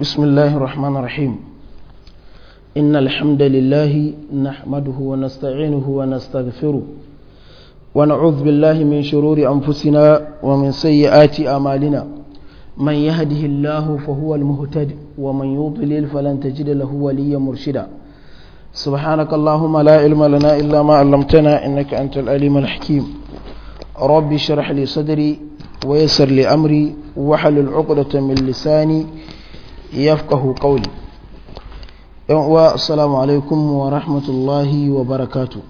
بسم الله الرحمن الرحيم إن الحمد لله نحمده ونستعينه ونستغفره ونعوذ بالله من شرور أنفسنا ومن سيئات أمالنا من يهده الله فهو المهتد ومن يضلل فلن تجد له وليا مرشدا سبحانك اللهم لا علم لنا إلا ما علمتنا إنك أنت الأليم الحكيم ربي شرح لي صدري ويسر لي أمري وحل العقدة من لساني yafqahu qawli yan uwa assalamu alaikum wa rahmatullahi wa barakatuh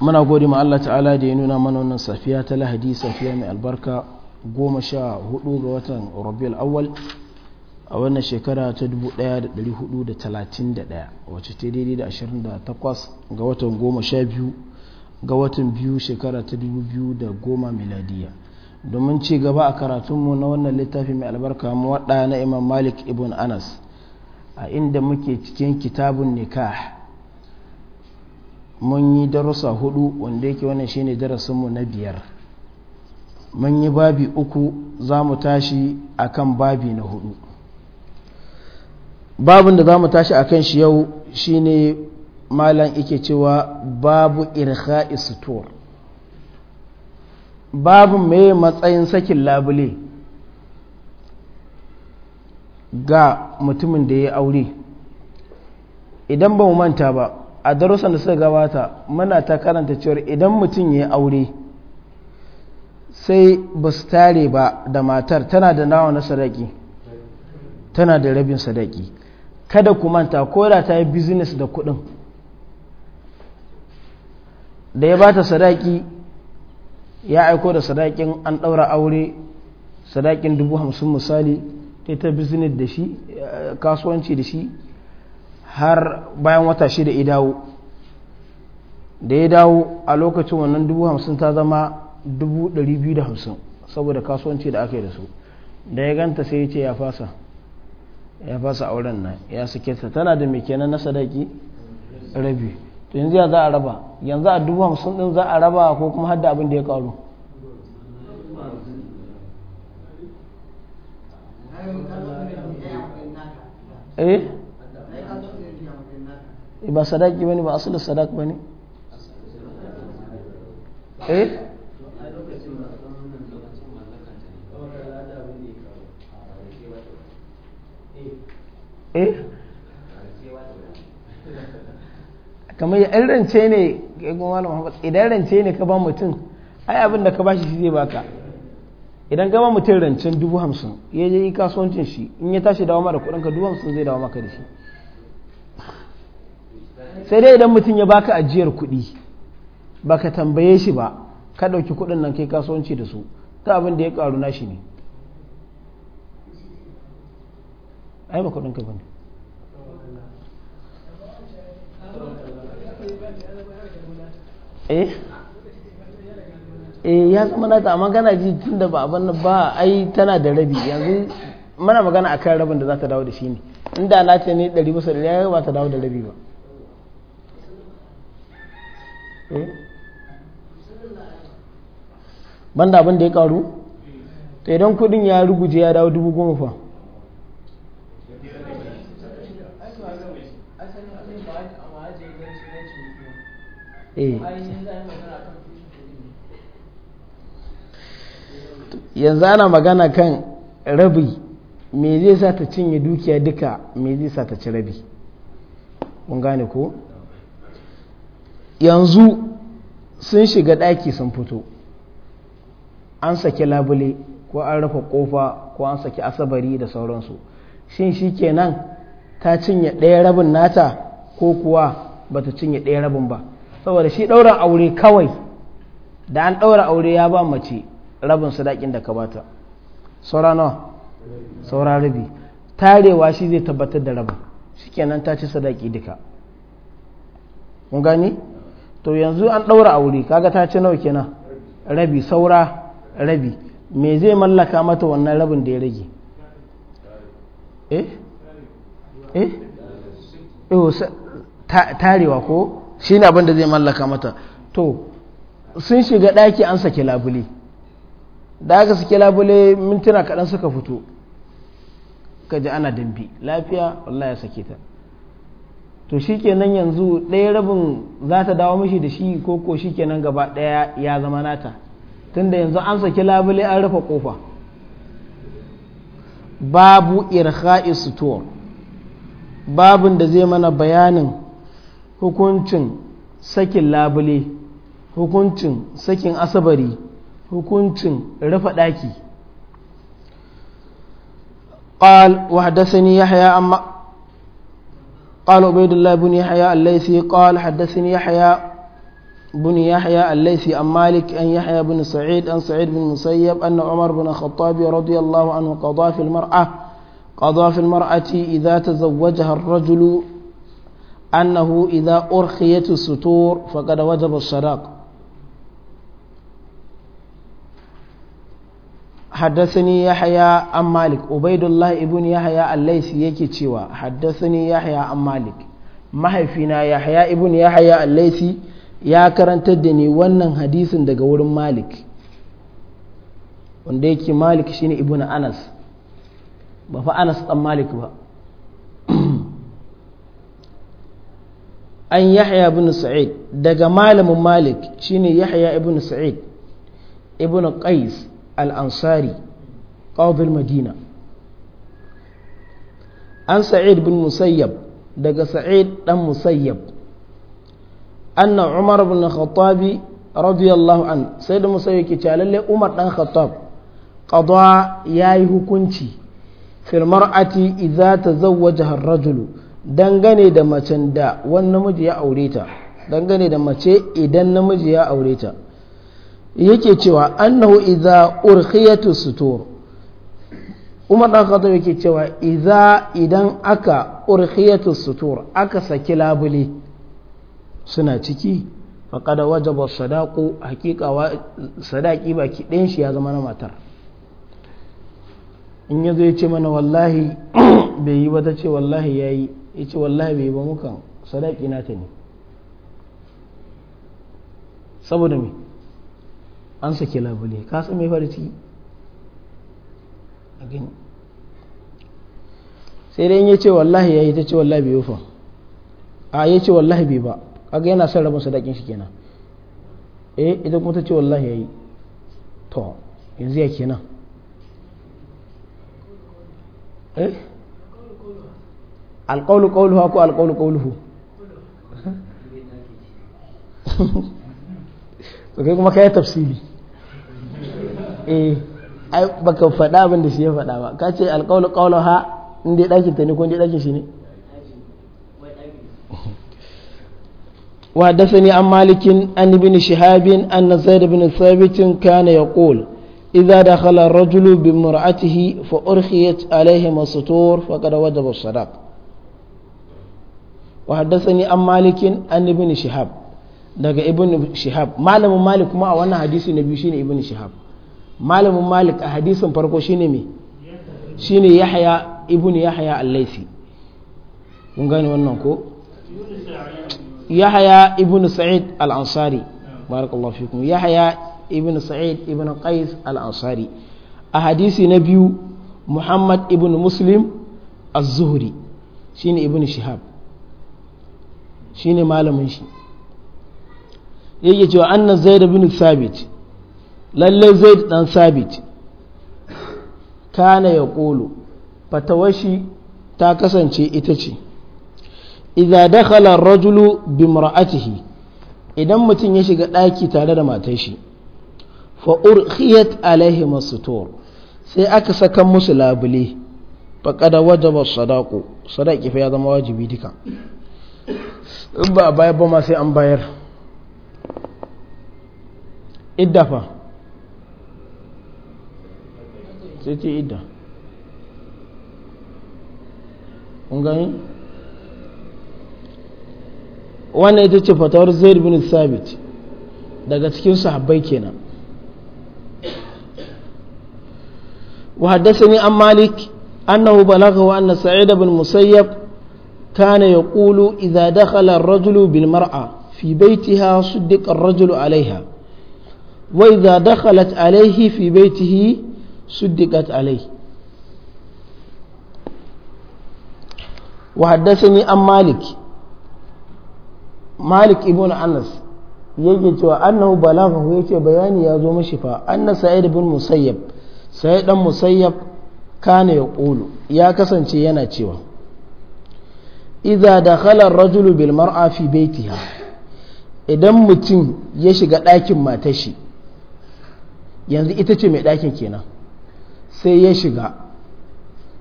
muna gode ma Allah ta'ala da ya nuna mana wannan safiya ta lahadi safiya mai albarka goma sha hudu ga watan rabiul awwal a wannan shekara ta 1431 wacce ta daidai da 28 ga watan goma sha biyu ga watan biyu shekara ta 2010 miladiya domin ci gaba a karatunmu na wannan littafi mai albarka waɗa na imam malik ibn anas a inda muke cikin kitabun nikah mun yi darussa hudu wanda yake wannan shine darasinmu na biyar mun yi babi uku za mu tashi a kan babi na hudu babin da za mu tashi a kan shi yau shine malam ike cewa babu irha'i sutur babu mai matsayin sakin labule ga mutumin da ya aure idan ba mu manta ba a darussan da suka gabata muna ta karanta cewar idan mutum ya aure sai ba su tare ba da matar tana da nawa na sadaki tana da rabin sadaki kada ku manta ko da ta yi bizines da kudin da ya bata sadaki ya aiko da sadakin an ɗaura aure sadakin dubu hamsin misali ta ta business da shi eh, kasuwanci da shi har bayan wata shida ya dawo da ya dawo a lokacin wannan dubu hamsin ta zama dubu ɗari biyu da hamsin saboda kasuwanci da aka yi da su da ya ganta sai ya ce ya fasa ya fasa auren nan ya sake tana da mai kenan na sadaki rabi to yanzu ya za a raba yanzu a dubu hamsin din za a raba ko kuma hadda abin da ya karu eh? eh ba sadaki ba ne ba asalin sadak ba ne eh eh kamar ya ɗan rance ne ga yi gwamnati Muhammad idan rance ne ka ba mutum ai abin da ka bashi shi zai baka idan gaba mutum rancen dubu hamsin ya je yi kasuwancin shi in ya tashi dawama mara kudin ka dubu hamsin zai dawama maka da shi sai dai idan mutum ya baka ajiyar kuɗi ka tambaye shi ba ka ɗauki kuɗin nan kai kasuwanci da su ta abin da ya ƙaru na shi ne ai ba kuɗin ka Eh? eh ya zama nata ta magana ji tun da ba abin ba ai tana da rabi yanzu mana magana a kan rabin da za ta dawo da shi ne inda na ce ne ɗari bisa ɗari ya ba ta dawo da rabi ba eh? banda abin da ya karu to idan kudin ya ruguje ya dawo dubu goma fa Eh. yanzu ana magana kan rabi me zai sa ta cinye dukiya duka me zai sa ta ci rabi kun gane ko yanzu sun shiga ɗaki sun fito an saki labule ko an rufe ƙofa ko an saki asabari da sauransu shin shi kenan ta cinye ɗaya rabin nata ko kuwa ba ta cinye ɗaya rabin ba saboda shi ɗaurin aure kawai da an ɗaura aure ya ba mace rabin sadakin da ka bata saura nawa saura rabi tarewa shi zai tabbatar da rabin kenan ta ci sadaki duka kun gani to yanzu an ɗaura aure kaga ta ci nawa kenan rabi saura rabi me zai mallaka mata wannan rabin da ya rage eh eh tarewa ko shi ne abin da zai mallaka mata to sun shiga ɗaki an saki labule da aka sake labule mintuna kaɗan suka fito ka ana dambi lafiya Allah ya sake ta to shi kenan yanzu ɗaya rabin za ta dawo mishi da shi ko ko kenan gaba ɗaya ya zama nata tunda yanzu an saki labule an rufe kofa babu irha'i sutur babin da zai mana bayanin hukuncin sakin labule hukuncin sakin asabari hukuncin rufe ɗaki قال وحدثني يحيى عن قال عبيد الله بن يحيى الليثي قال حدثني يحيى بن يحيى الليثي عن مالك أن يحيى بن سعيد أن سعيد بن مسيب أن عمر بن الخطاب رضي الله عنه قضى في المرأة قضى في المرأة إذا تزوجها الرجل أنه إذا أرخيت السطور فقد وجب الصداق حدثني يحيى عن مالك عبيد الله ابن يحيى الليس يكي تشوى حدثني يحيى عن مالك ما هيفينا يحيى ابن يحيى الليس يا karantar da ونن حديث hadisin مالك ونديكي مالك شيني ابن أنس بفا أنس أم مالك fa an yahya ibn sa'id daga malamin malik shine yahya ibn sa'id ibn qais al-ansari madina an sa'id bin musayyab daga sa'id dan musayyab anna umar ibn khattabi radiyallahu an sai da musayyab ke umar dan khattab qada yayi hukunci fil mar'ati idza tazawwaja ar-rajulu dangane da macen da wani namiji ya aure ta dangane da mace idan namiji ya aure ta yake cewa annahu idza urkhiyatu sutur umar dan khattab yake cewa idza idan aka urkhiyatu sutur aka saki labule suna ciki faqad wajaba sadaqu wa sadaqi baki dan shi ya zama na matar in yazo ya ce mana wallahi bai yi ba ta ce wallahi yayi ya ce wallahi bai ba muka sadaki na ta ne saboda me an sake labule ka san mai fara ciki a gani sai dai ya ce wallahi ya yi ta ce wallahi bai yufa a ya ce wallahi bai ba kaga yana son rabin sadakin shi kenan eh idan kuma ta ce wallahi ya yi to yanzu ya kenan eh alƙaulu ƙauluhu ko alƙaulu ƙauluhu to kai kuma kai tafsiri eh ai baka faɗa abin da shi ya faɗa ba ka ce alƙaulu ƙauluha in dai ɗakin ta ne ko in dai ɗakin shi ne وحدثني عن مالك عن ابن شهاب أن زيد بن ثابت كان يقول إذا دخل الرجل بامرأته فأرخيت عليهما السطور فقد وجب الصداق wa haddathani an malikin an ibn shihab daga ibn shihab malamin malik kuma a wannan hadisi na biyu shine ibn shihab malamin malik a hadisin farko shine me shine yahya ibn yahya al-laisi kun gane wannan ko yahya ibn sa'id al-ansari barakallahu fikum yahya ibn sa'id ibn qais al-ansari a hadisi na biyu muhammad ibn muslim az-zuhri shine ibn shihab Shi ne malamin shi yake cewa anna da bin sabit lalle da ɗan sabit kana ya kolo fatawashi ta kasance ita ce da dakhala rajulu bi mar'atihi idan mutum ya shiga ɗaki tare da matar shi fa urkhiyat alaihi masutur sai aka saka musu labule faqad wajabar sadako sadaki fa ya zama wajibi duka in ba a bayar ba ma sai an bayar idda fa sai ce idda kun gani wannan ita ce fatawar zai bin sabit daga cikin sahabbai kenan وحدثني عن مالك أنه بلغه أن سعيد بن مسيب كان يقول إذا دخل الرجل بالمرأة في بيتها صدق الرجل عليها وإذا دخلت عليه في بيته صدقت عليه وحدثني عن مالك مالك ابن أنس yake cewa annahu balaghahu yace bayani ya zo mashi fa anna sa'id ibn musayyab sa'id dan musayyab kana yaqulu ya kasance yana cewa idza dakhala ar-rajulu bil mar'a fi idan mutum ya shiga ɗakin matar shi yanzu ita ce mai ɗakin kenan sai ya shiga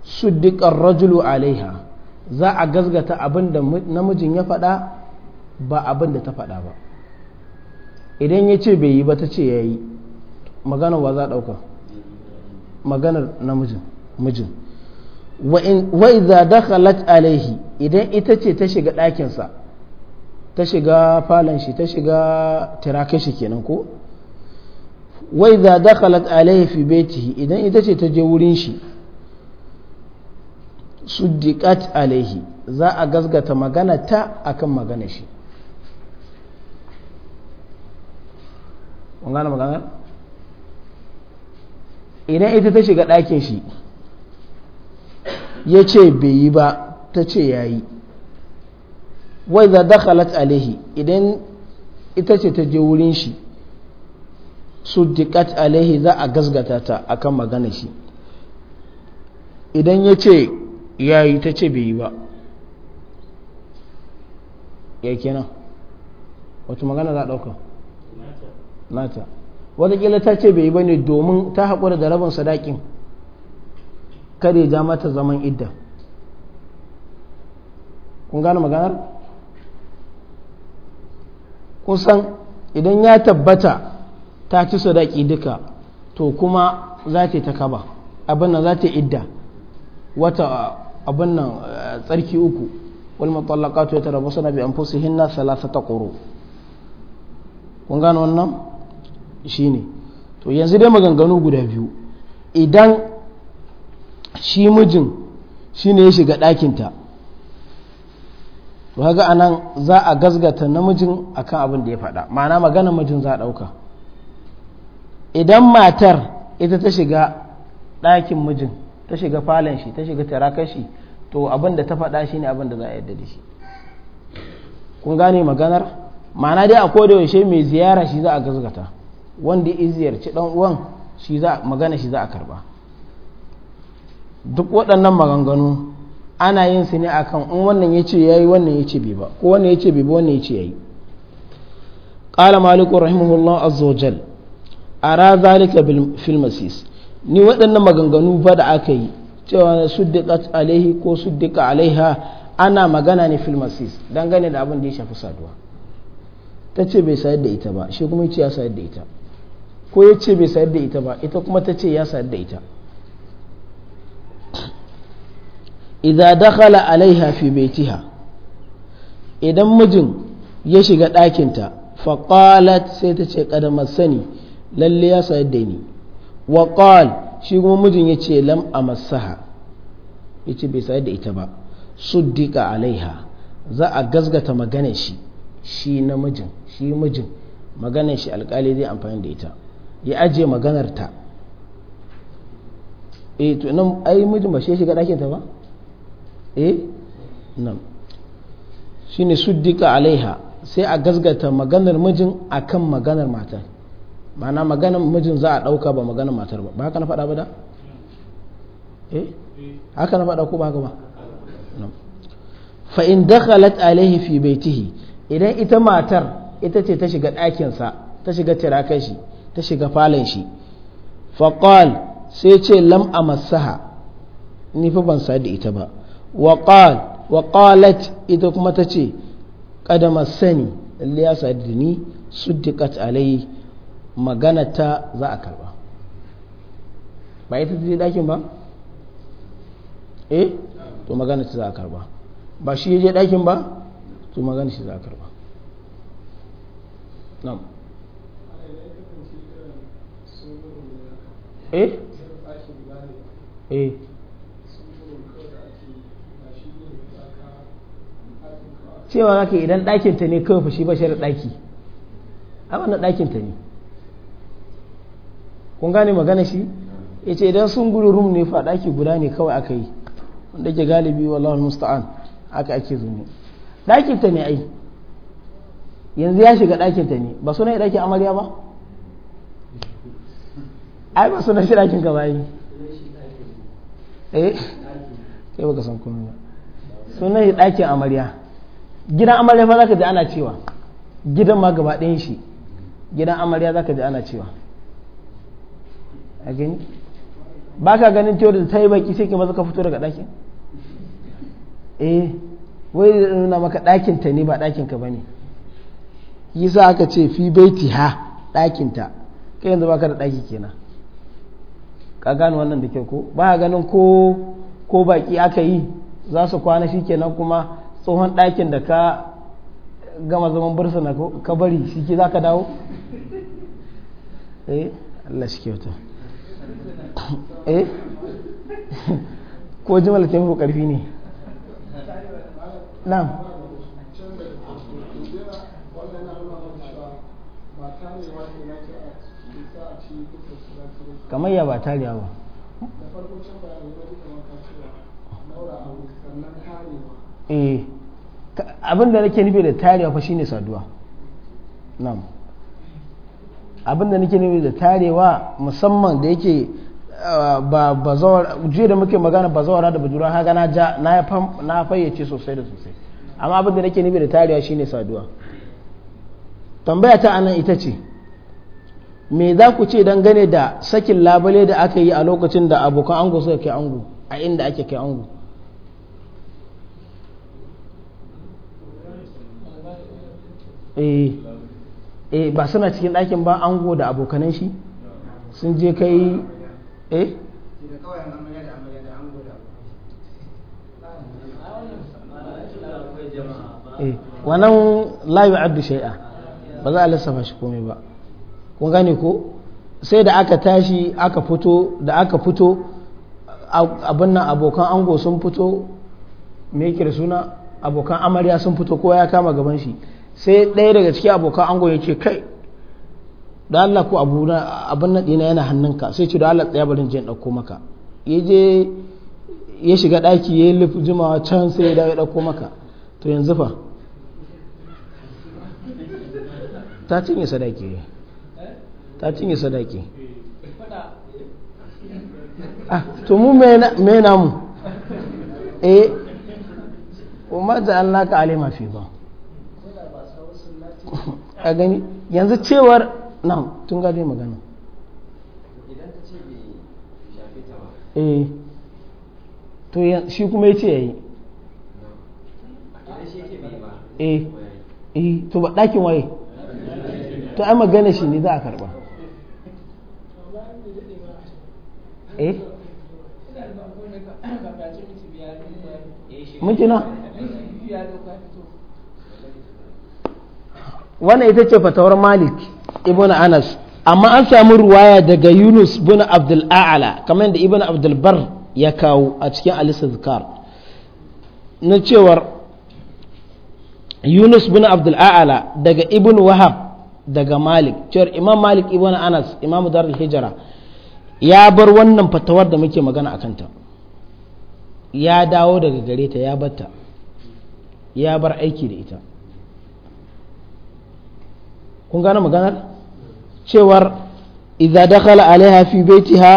suddiƙar rajulu alaiha za a gazgata abin da namijin ya faɗa ba abin da ta faɗa ba idan ya ce bai yi ba ta ce ya yi maganar wa za ɗauka maganar namijin mijin wa idza dakhalat alaihi idan ita ce ta shiga ɗakinsa ta shiga falon shi ta shiga tirakai shi kenan ko wa idza dakhalat alaihi fi baitihi idan ita ce ta je wurin shi suddiqat alaihi za a gasgata magana ta akan magana shi kun gane magana idan ita ta shiga ɗakin shi ya ce bai yi ba ta ce ya yi wai za dakhalat alihi idan ita ce ta je wurin shi su dikat alihi za a gasgata ta akan magana shi idan ya ce ya yi ta ce bai yi ba ya kenan wata magana za a ɗauka nata watakila ta ce bai yi ba ne domin ta haƙura da rabin sadakin kare ja mata zaman idda kun gane maganar kusan idan ya tabbata ta ci sadaki duka to kuma za ta ta kaba abin nan za ta idda wata abin nan eh, tsarki uku wal matallaqatu fusi bi anfusihinna thalathata quru kun gane wannan shine to yanzu dai maganganu guda biyu idan shi mijin shi ne ya shiga ɗakinta to haka nan za a gazgata namijin kan abin da ya faɗa ma'ana magana mijin za a ɗauka idan matar ita ta shiga ɗakin mijin ta shiga falon shi ta shiga tarakan shi to abin da ta faɗa shi ne abin da za a yadda da shi kun gane maganar ma'ana dai a yaushe mai ziyara shi za a gazgata wanda ya ziyarci ɗan uwan shi magana shi za a karba duk waɗannan maganganu ana yin su ne akan in wannan ya ce ya yi wannan ya ce bai ba ko wannan ya ce bai ba wannan ya ce ya yi ƙala maliku rahimahullah azzawajal a ra zalika filmasis ni waɗannan maganganu ba da aka yi cewa suddika alaihi ko suddika alaiha ana magana ne filmasis dangane da abin da ya shafi saduwa ta ce bai sayar da ita ba shi kuma ya ce ya sayar da ita ko ya ce bai sayar da ita ba ita kuma ta ce ya sayar da ita idza dakhala alaiha fi baitiha idan mijin ya shiga ɗakinta faƙalat sai ta ce ƙadamar sani lalle ya sayar da ni wa shi kuma mijin ya ce lam a masaha ya ce bai sayar da ita ba suddika alaiha za a gazgata maganar shi shi na mijin shi mijin maganar shi alƙali zai amfani da ita ya ajiye maganar ta eh to nan ai mijin ba shi ya shiga ɗakinta ba eh nan shine suddika alaiha sai a gasgata maganar mijin akan maganar matar ma'ana maganar mijin za a ɗauka ba maganar matar ba ba haka na faɗa ba da eh haka na faɗa ko ba haka ba fa in dakhalat alaihi fi baitihi idan ita matar ita ce ta shiga ɗakinsa ta shiga tirakan shi ta shiga falon shi faƙal sai ce lam a ni fa ban sa da ita ba وقال وقالت إذا كما تشي قدم السني اللي أسعدني صدقت عليه مغانا تا ذا أكلبا ba ita ta je ɗakin ba? eh to magana ta za a karba ba shi ya je ɗakin ba? to magana shi za a karba nam eh eh cewa zaka idan ɗakin ta ne kan fushi ba shi da ɗaki a wannan ɗakin ta ne kun gane magana shi ya ce idan sun gudu rum ne fa ɗaki guda ne kawai aka yi wanda ke galibi lawan musta'an aka ake zuni ɗakin ta ne ai yanzu ya shiga ɗakin ta ne ba suna yi ɗakin amarya ba ai ba suna shi ɗakin ka yi eh kai baka san kuma suna yi ɗakin amarya gidan amarya fa zaka ji ana cewa gidan ma gaba ɗayan shi gidan amarya zaka ji ana cewa a gani ba ka ganin teori da ta yi baki sai ke maza ka fito daga ɗakin eh wai nuna maka ɗakin ta ne ba ɗakin ka bane yasa aka ce fi baiti ha ɗakin ta kai yanzu baka da ɗaki kenan ka gano wannan da kyau ko ba ganin ko ko baki aka yi za su kwana shi kenan kuma tsohon ɗakin da ka gama zaman bursa na ka bari shi ke za ka dawo eh Allah shi kyauta eh ko jimala ta ƙarfi ne na kamar ya ba tarewa ba eh abin da nake nufi da tarewa fa shine saduwa nan abin da nake nufi da tarewa musamman da yake ah, ba da muke magana bazawara da bajura haga na ja na fayyace sosai da sosai amma abin da nake nufi da tarewa shine saduwa tambaya ta anan ita ce me za ku ce dangane da sakin labule da aka yi a lokacin da abokan ango suka kai ango a inda ake kai ango eh eh ba suna cikin ɗakin ba ango da abokanan shi sun je kai eh, eh wannan layu abdu shai'a ba za a lissafa shi komai ba kun gane ko sai da aka tashi aka fito da aka fito abin nan abokan ango sun fito me yake suna abokan amarya sun fito kowa ya kama gaban shi sai ɗaya daga cikin abokan ango ya ce kai da Allah ko abin naɗi na yana hannunka sai ce da Allah tsaye barin jin ɗauko maka ya je ya shiga ɗaki ya yi jimawa can sai ya dawo ya ɗauko maka to yanzu fa ta cinye sadaki ta cinye sadaki a ah, to mu me namu eh umar da Allah ka alima fi ba a gani yanzu cewar nan tun gade magana eh to shi kuma ya ce ya yi eh eh to ba ɗakin waye to ai magana shi ne za a karba eh mintuna wannan ita ce fatawar malik ibn anas amma an samu ruwaya daga yunus bin abdul a'ala kamar da ibn abdul bar ya kawo a cikin alisa zikar na cewar yunus bin abdul a'ala daga ibn wahab daga malik cewar imam malik ibn anas imam dar hijira ya bar wannan fatawar da muke magana a kanta ya dawo daga gare ta ya batta ya bar aiki da ita kun gane maganar cewar idza dakhala alaiha fi baitiha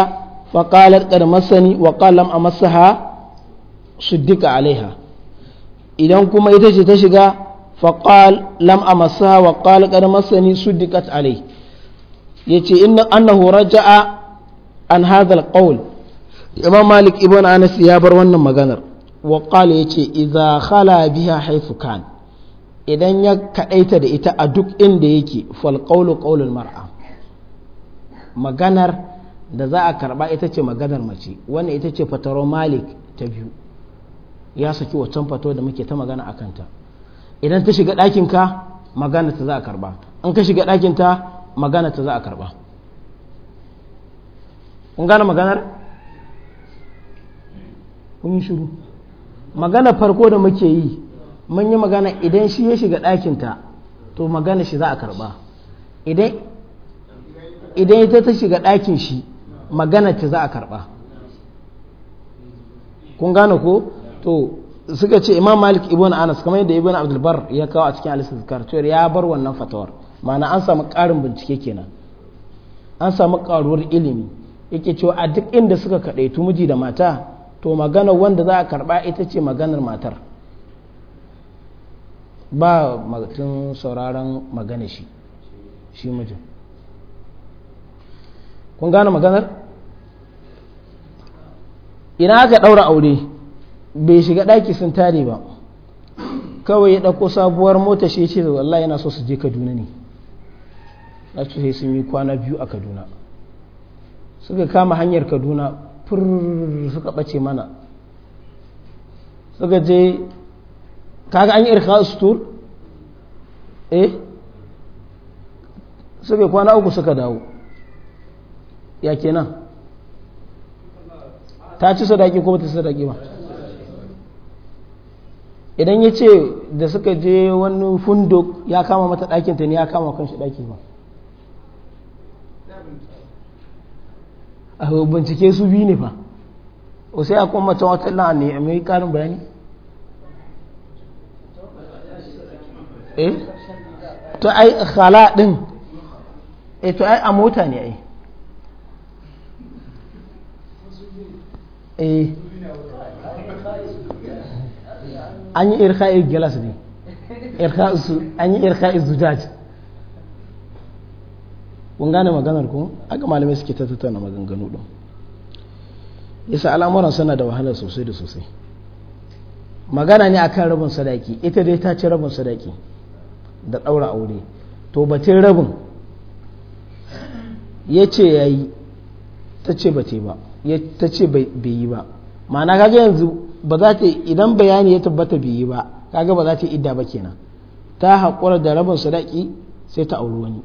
fa qalat qad massani wa qala lam amassaha suddika alaiha idan kuma ita ce ta shiga fa qal lam amassaha wa qala qad massani suddikat alai yace inna annahu raja'a an hadha alqawl imam malik ibn anas ya bar wannan maganar wa qala yace idza khala biha haythu kana idan ya kaɗaita da ita a duk inda yake falƙaulu ƙaulul mar'a maganar da za a karɓa ita ce maganar mace wannan ita ce fataro malik ta biyu ya saki wancan fato da muke ta magana a kanta idan ta shiga ɗakinka magana ta za a karɓa in ka shiga ɗakinta magana ta za a karɓa kun gane maganar kun yi shiru magana farko da muke yi mun yi magana idan shi ya shiga ɗakinta to magana shi za a karba idan ita ta shiga ɗakin shi magana ta za a karba kun gane ko to suka ce imam malik ibn anas kamar yadda ibn abdulbar ya kawo a cikin alisar cewar ya bar wannan fatawar ma'ana an samu ƙarin bincike kenan an samu ƙaruwar ilimi yake cewa a duk inda suka kaɗaitu miji da mata to magana wanda za a karɓa ita ce maganar matar ba matun sauraron magana shi shi mutum kun gane maganar ina aka ɗaura aure bai shiga ɗaki sun tare ba kawai ya ɗauko sabuwar mota shi ce wallahi yana so su je kaduna ne na ce sai sun yi kwana biyu a kaduna suka kama hanyar kaduna fur suka ɓace mana suka je kaga an yi irka sutur eh bai kwana uku suka dawo ya kenan ta ci sadaki ko ta sadaki ba idan ya ce da suka je wani funduk ya kama mata ɗakinta ne ya kama kanshi ɗaki ba a bincike su biyu ne fa sai a kuma mace wata la'ani a mai karin bayani Eh? to ai khala din eh to ai a mota ne ai eh an yi irka'i gilas ne an yi irka'i zujaj kun gane maganar ku aka malamai suke ta tattauna maganganu ɗin isa al'amuran suna da wahala sosai da sosai magana ne akan rabin sadaki ita dai ta ci rabin sadaki da ɗaura aure to batun rabin ya ce ya yi ta ce ba ce ta ce bai yi ba ma'ana kaga yanzu ba za ta idan bayani ya tabbata bai yi ba kaga ba za ta idda ba kenan ta haƙura da rabin sadaki sai ta auri wani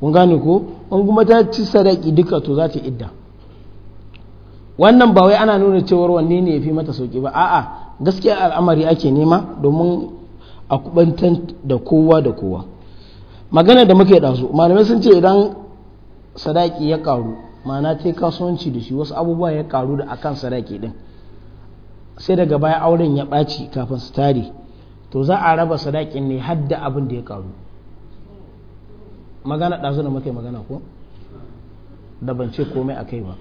kun gane ko in kuma ta ci sadaki duka to za ta idda wannan ba wai ana nuna cewar wanne ne ya fi mata sauki ba a'a gaskiya al'amari ake nema domin a kubantar da kowa da kowa magana da muka yi ɗazu malamai sun ce idan sadaki ya ƙaru mana ta kasuwanci da shi wasu abubuwa ya ƙaru da akan sadaki ɗin sai daga baya auren ya ɓaci kafin su tare to za a raba sadakin ne hadda abin da ya karu magana ɗazu da muka yi magana ko da ban ce komai a kai ba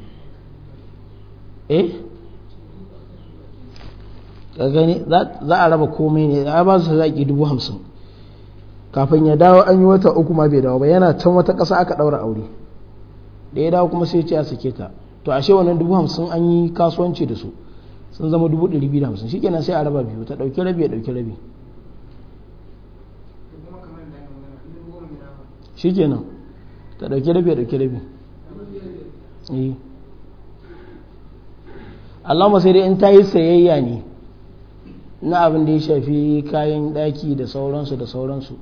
eh ka gani za a raba komai ne a ba su zaki dubu hamsin kafin ya dawo an yi wata uku ma bai dawo ba yana can wata ƙasa aka ɗaura aure da ya dawo kuma sai ce a sake ta to ashe wannan dubu hamsin an yi kasuwanci da su sun zama dubu ɗari biyu da hamsin shikenan sai a raba biyu ta ɗauki rabi ya ɗauki rabi shikenan ta ɗauki rabi ya ɗauki rabi eh. Allahumma sai dai in ta yi sayayya ne na abin da ya shafi kayan daki da sauransu da sauransu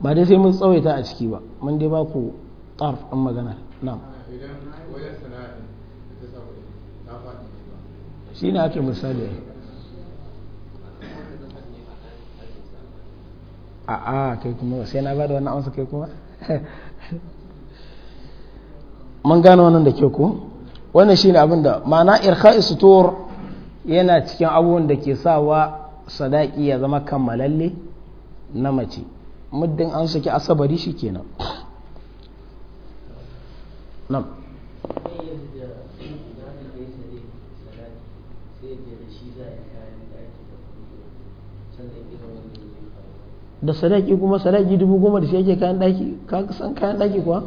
ba dai sai mun tsawaita a ciki ba mun dai ba ku tsarf an magana na'am shi ne ake misali a a kai kuma sai na bada wannan amsa kai kuma mun gano wannan da ke ku wannan shi ne abin da ma'ana irka istuwar yana cikin abubuwan da ke sawa sadaki ya zama kammalalle na mace muddin an saki asabari shi kenan nan da sadaki kuma sadaki dubu goma da shi yake kayan daki ka san kayan daki kuwa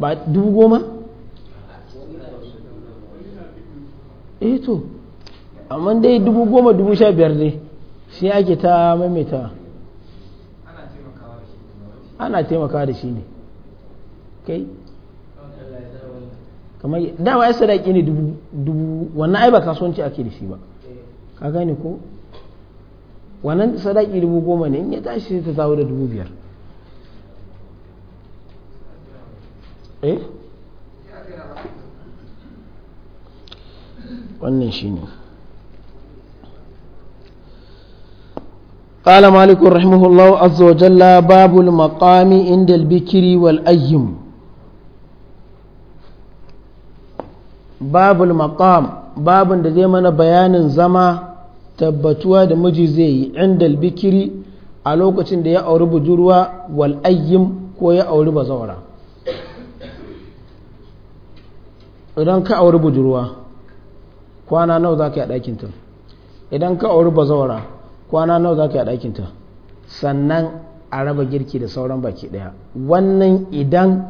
ba dubu goma eh to amma dai dubu goma dubu sha biyar dai shi ake ta maimaita ana taimakawa da shi ne kai kamar dama ya sadaki ne dubu wannan ai ba kasuwanci ake da shi ba eh. ka gane ko wannan sadaki dubu goma ne in ya tashi ta zawo da dubu biyar eh wannan shi ne قال مالك رحمه الله عز وجل باب المقام عند البكر والأيم باب المقام باب da zai mana bayanin zama tabbatuwa da miji zai yi inda bikiri a lokacin da ya auri budurwa wal ayyim ko ya auri bazawara idan ka auri budurwa kwana nawa za a ɗakinta idan ka auri bazawara kwana nawa za ka yi a ɗakinta sannan a raba girki da sauran baki ɗaya wannan idan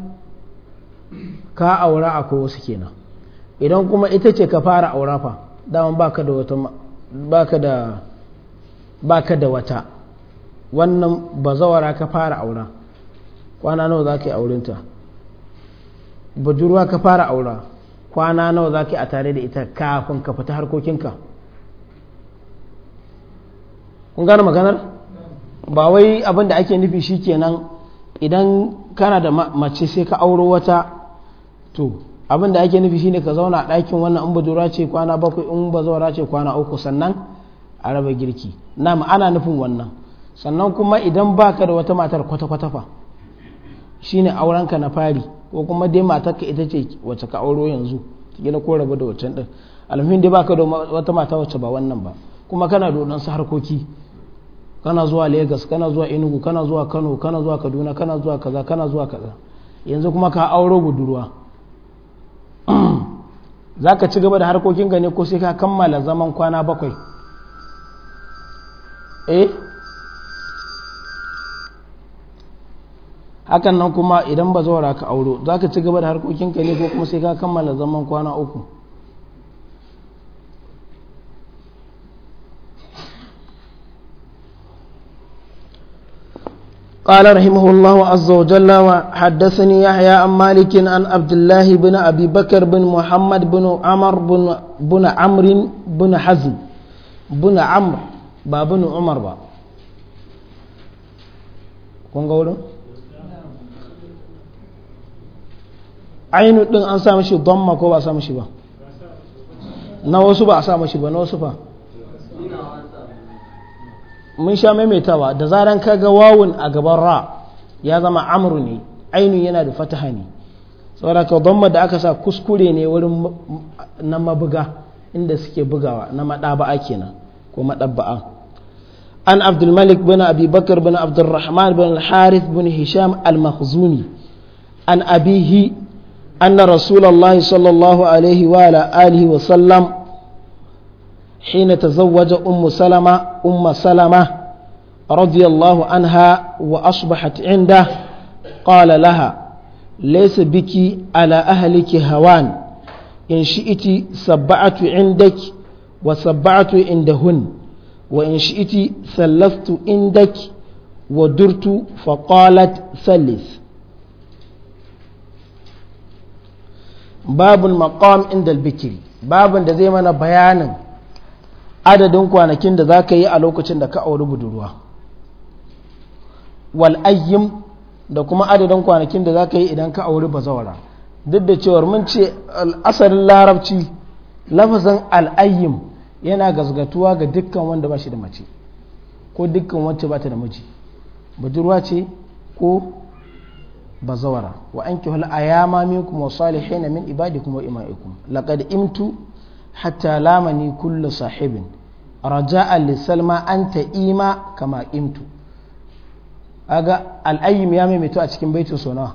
ka aura akwai wasu kenan idan kuma ita ce ka fara aura fa daman baka da wata baka da baka da wata wannan bazawara ka fara aura kwana nawa za ka yi aurinta budurwa ka fara aura kwana nawa za ka yi a tare da ita kafin ka fita harkokinka kun gane maganar ba wai abin da ake nufi shi kenan idan kana da mace sai ka auro wata to abin da ake nufi shine ka zauna a ɗakin wannan in budura ce kwana bakwai in bazawara ce kwana uku sannan a raba girki na ana nufin wannan sannan kuma idan baka da wata matar kwata-kwata fa shine aurenka na fari ko kuma dai matarka ita ce wacce ka auro yanzu gina ko rabu da waccan din alhamdulillah dai baka da wata mata wacce ba wannan ba kuma kana da wadansu harkoki kana zuwa Legas kana zuwa Enugu kana zuwa Kano kana zuwa Kaduna kana zuwa kaza kana zuwa kaza yanzu kuma ka auro budurwa za ka ci gaba da harkokin gane ko sai ka kammala zaman kwana bakwai eh hakan nan kuma idan ba zaura ka auro za ka ci gaba da harkokin gane ne ko kuma sai ka kammala zaman kwana uku قال رحمه الله عز وجل وحدثني يحيى عن مالك عن عبد الله بن أبي بكر بن محمد بن عمر بن بن عمرو بن حزم بن عمرو با بن عمر با kun ga wurin? ainu din an sa mashi don ko ba a sa mashi ba na wasu ba a sa mashi ba na wasu ba mun sha maimaitawa da zaran kaga wawun a gaban ra ya zama amru ne ainun yana da fataha ne saboda ka dhamma da aka sa kuskure ne wurin na mabuga inda suke bugawa na madaba'a kenan ko maɗaba'a. an abdul malik bin abi bakr bin abdul rahman bin al-harith bin hisham al-makhzumi an abihi anna rasulullahi sallallahu alaihi wa ala alihi wa sallam حين تزوج أم سلمة أم سلمة رضي الله عنها وأصبحت عنده قال لها ليس بك على أهلك هوان إن شئت سبعت عندك وسبعت عندهن وإن شئت ثلثت عندك ودرت فقالت ثلث باب المقام عند البكر باب ده زي ما انا بيانا adadin kwanakin da za ka yi a lokacin da ka auri budurwa wal ayyim da kuma adadin kwanakin da za ka yi idan ka auri bazawara duk da cewar mun ce asalin larabci lafazin al'ayyim yana gazgatuwa ga dukkan wanda ba shi da mace ko dukkan wacce ba ta da miji budurwa ce ko bazawara wa an kihul ayama minkum wa salihin min ibadikum wa imaikum laqad imtu hatta lamani kullu sahibin raja li salma anta ima kama imtu aga al'ayyim ya maimaito a cikin baitin so nawa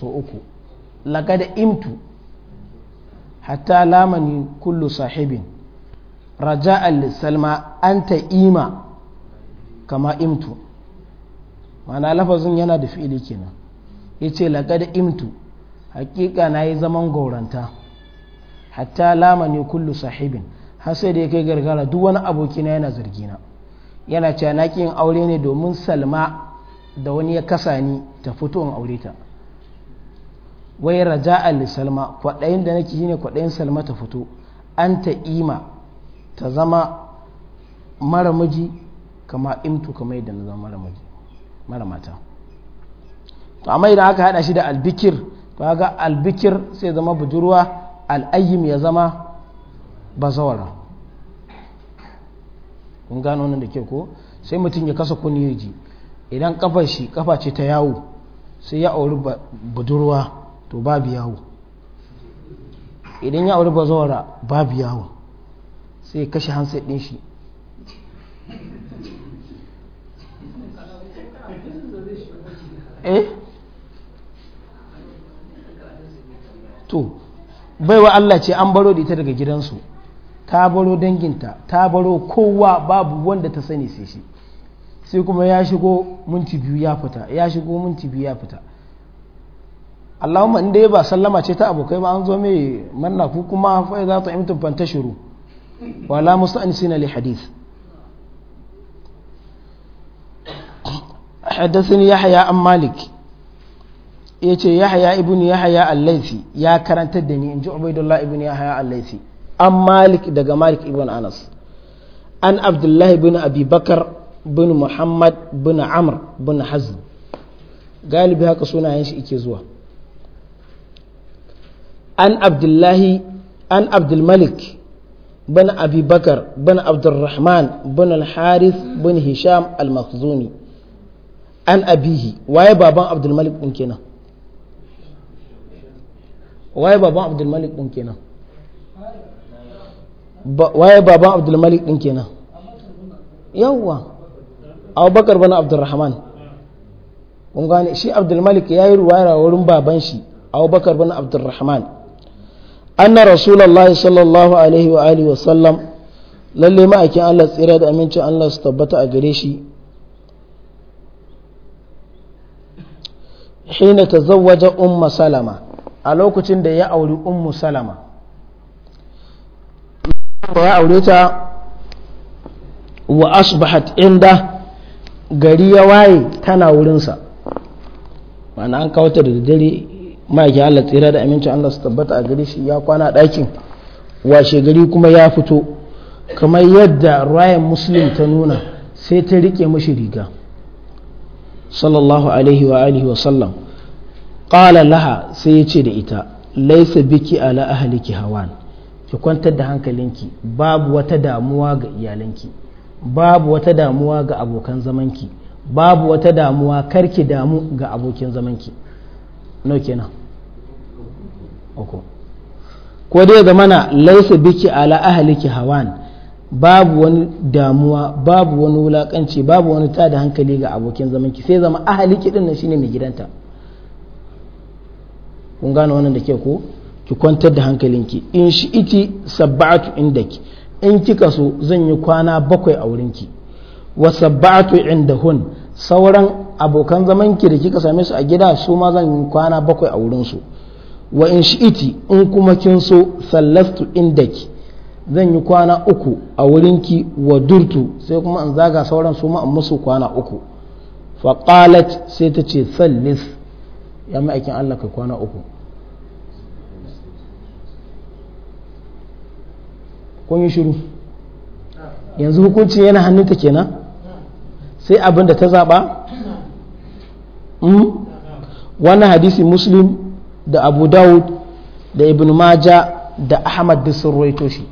so uku laqad imtu hatta lamani kullu sahibin raja li salma anta ima kama imtu mana lafazin yana da fi'ili kenan yace laqad imtu hakika na yi zaman gauranta hatta lamani kullu sahibin har sai da ya kai gargara duk wani abokina yana zargina yana cewa na yin aure ne domin salma da wani ya kasa ni ta fito in aure ta wai raja'a li salma kwaɗayin da nake shine kwaɗayin salma ta fito an ta ima ta zama mara miji kama imtu kama yadda na zama mara mata to amma idan aka haɗa shi da albikir to ga albikir sai zama budurwa al'ayyim ya zama bazawara kun gano nan da ke ko sai mutum ya kasa kuni ji idan kafar shi kafa ce ta yawo sai ya auri budurwa to babu yawo idan ya auri bazawara babu yawo sai ya kashe hansa ɗin shi eh to baiwa Allah ce an baro da ita daga gidansu ta baro danginta ta baro kowa babu wanda ta sani sai shi sai kuma ya shigo minti biyu ya fita ya shigo minti biyu ya fita Allahumma in dai ba sallama ce ta abokai ba an zo mai manna ku kuma fa za ta imtin fanta shiru wala musta'nisina li hadith حدثني يحيى عن مالك ya ce yahaya ibn yahaya al-laifi ya karantar da ni in ji ubaidullah ibn yahaya al-laifi an malik daga malik ibn anas an abdullahi bin abi bakar bin muhammad bin amr bin hazm galibi haka sunayen shi ike zuwa an abdullahi an abdulmalik bin abi bakar bin abdurrahman bin al-haris bin hisham al an abihi waye baban abdulmalik din kenan waye baban abdulmalik din kenan waye baban abdulmalik din kenan yawwa abubakar bana abdulrahman kun gane shi abdulmalik ya yi ruwaya wurin baban shi abubakar bana abdulrahman anna rasulullahi sallallahu alaihi wa alihi wa sallam lalle ma'aikin allah tsira da amincin allah su tabbata a gare shi حين تزوج أم سلمة a lokacin da ya auri ummu salama ya aure ta wa asbahat inda gari ya waye tana wurinsa ma'ana an kawo ta da dare ma'aiki Allah tsira da aminci Allah su tabbata a gari shi ya kwana ɗakin washe gari kuma ya fito kamar yadda rayan muslim ta nuna sai ta rike mashi riga sallallahu alaihi wa alihi wa sallam qala laha sai ya ce da ita laisa biki ala ahliki hawan ki kwantar da hankalinki babu wata damuwa ga iyalanki babu wata damuwa ga abokan zamanki babu wata damuwa karki damu ga abokin zamanki no kenan oko ko dai ga mana laisa biki ala ahliki hawan babu wani damuwa babu wani wulakanci babu wani tada hankali ga abokin zamanki sai zama ahaliki din nan shine mai gidanta kun gane wannan da ke ko ki kwantar da hankalinki in shi iti sabbatu indaki in kika so zan yi kwana bakwai a wurinki wa inda hun sauran abokan zamanki da kika same su a gida su ma zan yi kwana bakwai a wurinsu wa in shi iti in kuma kin so sallastu indaki zan yi kwana uku a wurinki wa durtu sai kuma in zaga sauran su ma in musu kwana uku faƙalat sai ta ce sallis ya ma'aikin allah kai kwana uku kun yi shiru yanzu hukunci yana hannunta kenan sai abin da ta zaɓa hmm? wannan hadisi muslim da abu dawud da ibn maja da ahmad da sun roito shi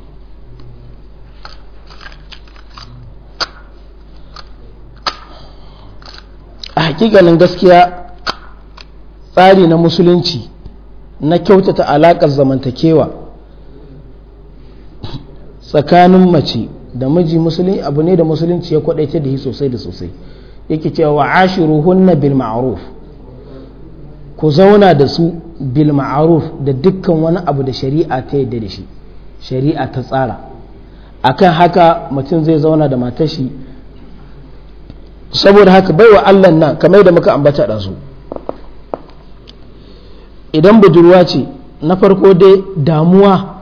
a hakikalin gaskiya tsari na musulunci na kyautata alaƙar zamantakewa tsakanin mace da miji musulun abu ne da musulunci ya kwadaita da shi sosai da sosai yake cewa wa hunna bil ma'ruf ku zauna da su bil ma'ruf da dukkan wani abu da shari'a ta yadda da shi shari'a ta tsara akan haka mutum zai zauna da matar shi saboda haka bai wa Allah nan kamar da muka ambata da su idan budurwa ce na farko dai damuwa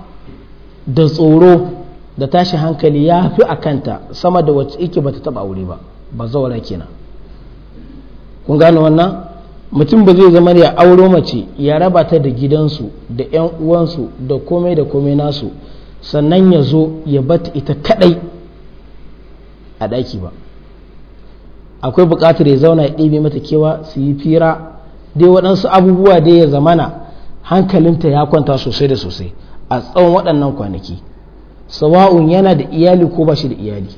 da tsoro da tashi hankali ya fi a kanta sama da wacce ike ta taba aure ba ba zaura kenan kun gane wannan mutum ba zai zama ya auro mace ya raba ta da gidansu da yan uwansu da komai da komai nasu sannan ya zo ya bata ita kadai a daki ba akwai bukatar ya zauna ya ɗebe mata kewa su yi fira dai waɗansu abubuwa dai ya zamana hankalinta ya kwanta sosai da sosai a tsawon waɗannan kwanaki sawa'un yana da iyali ko ba shi da iyali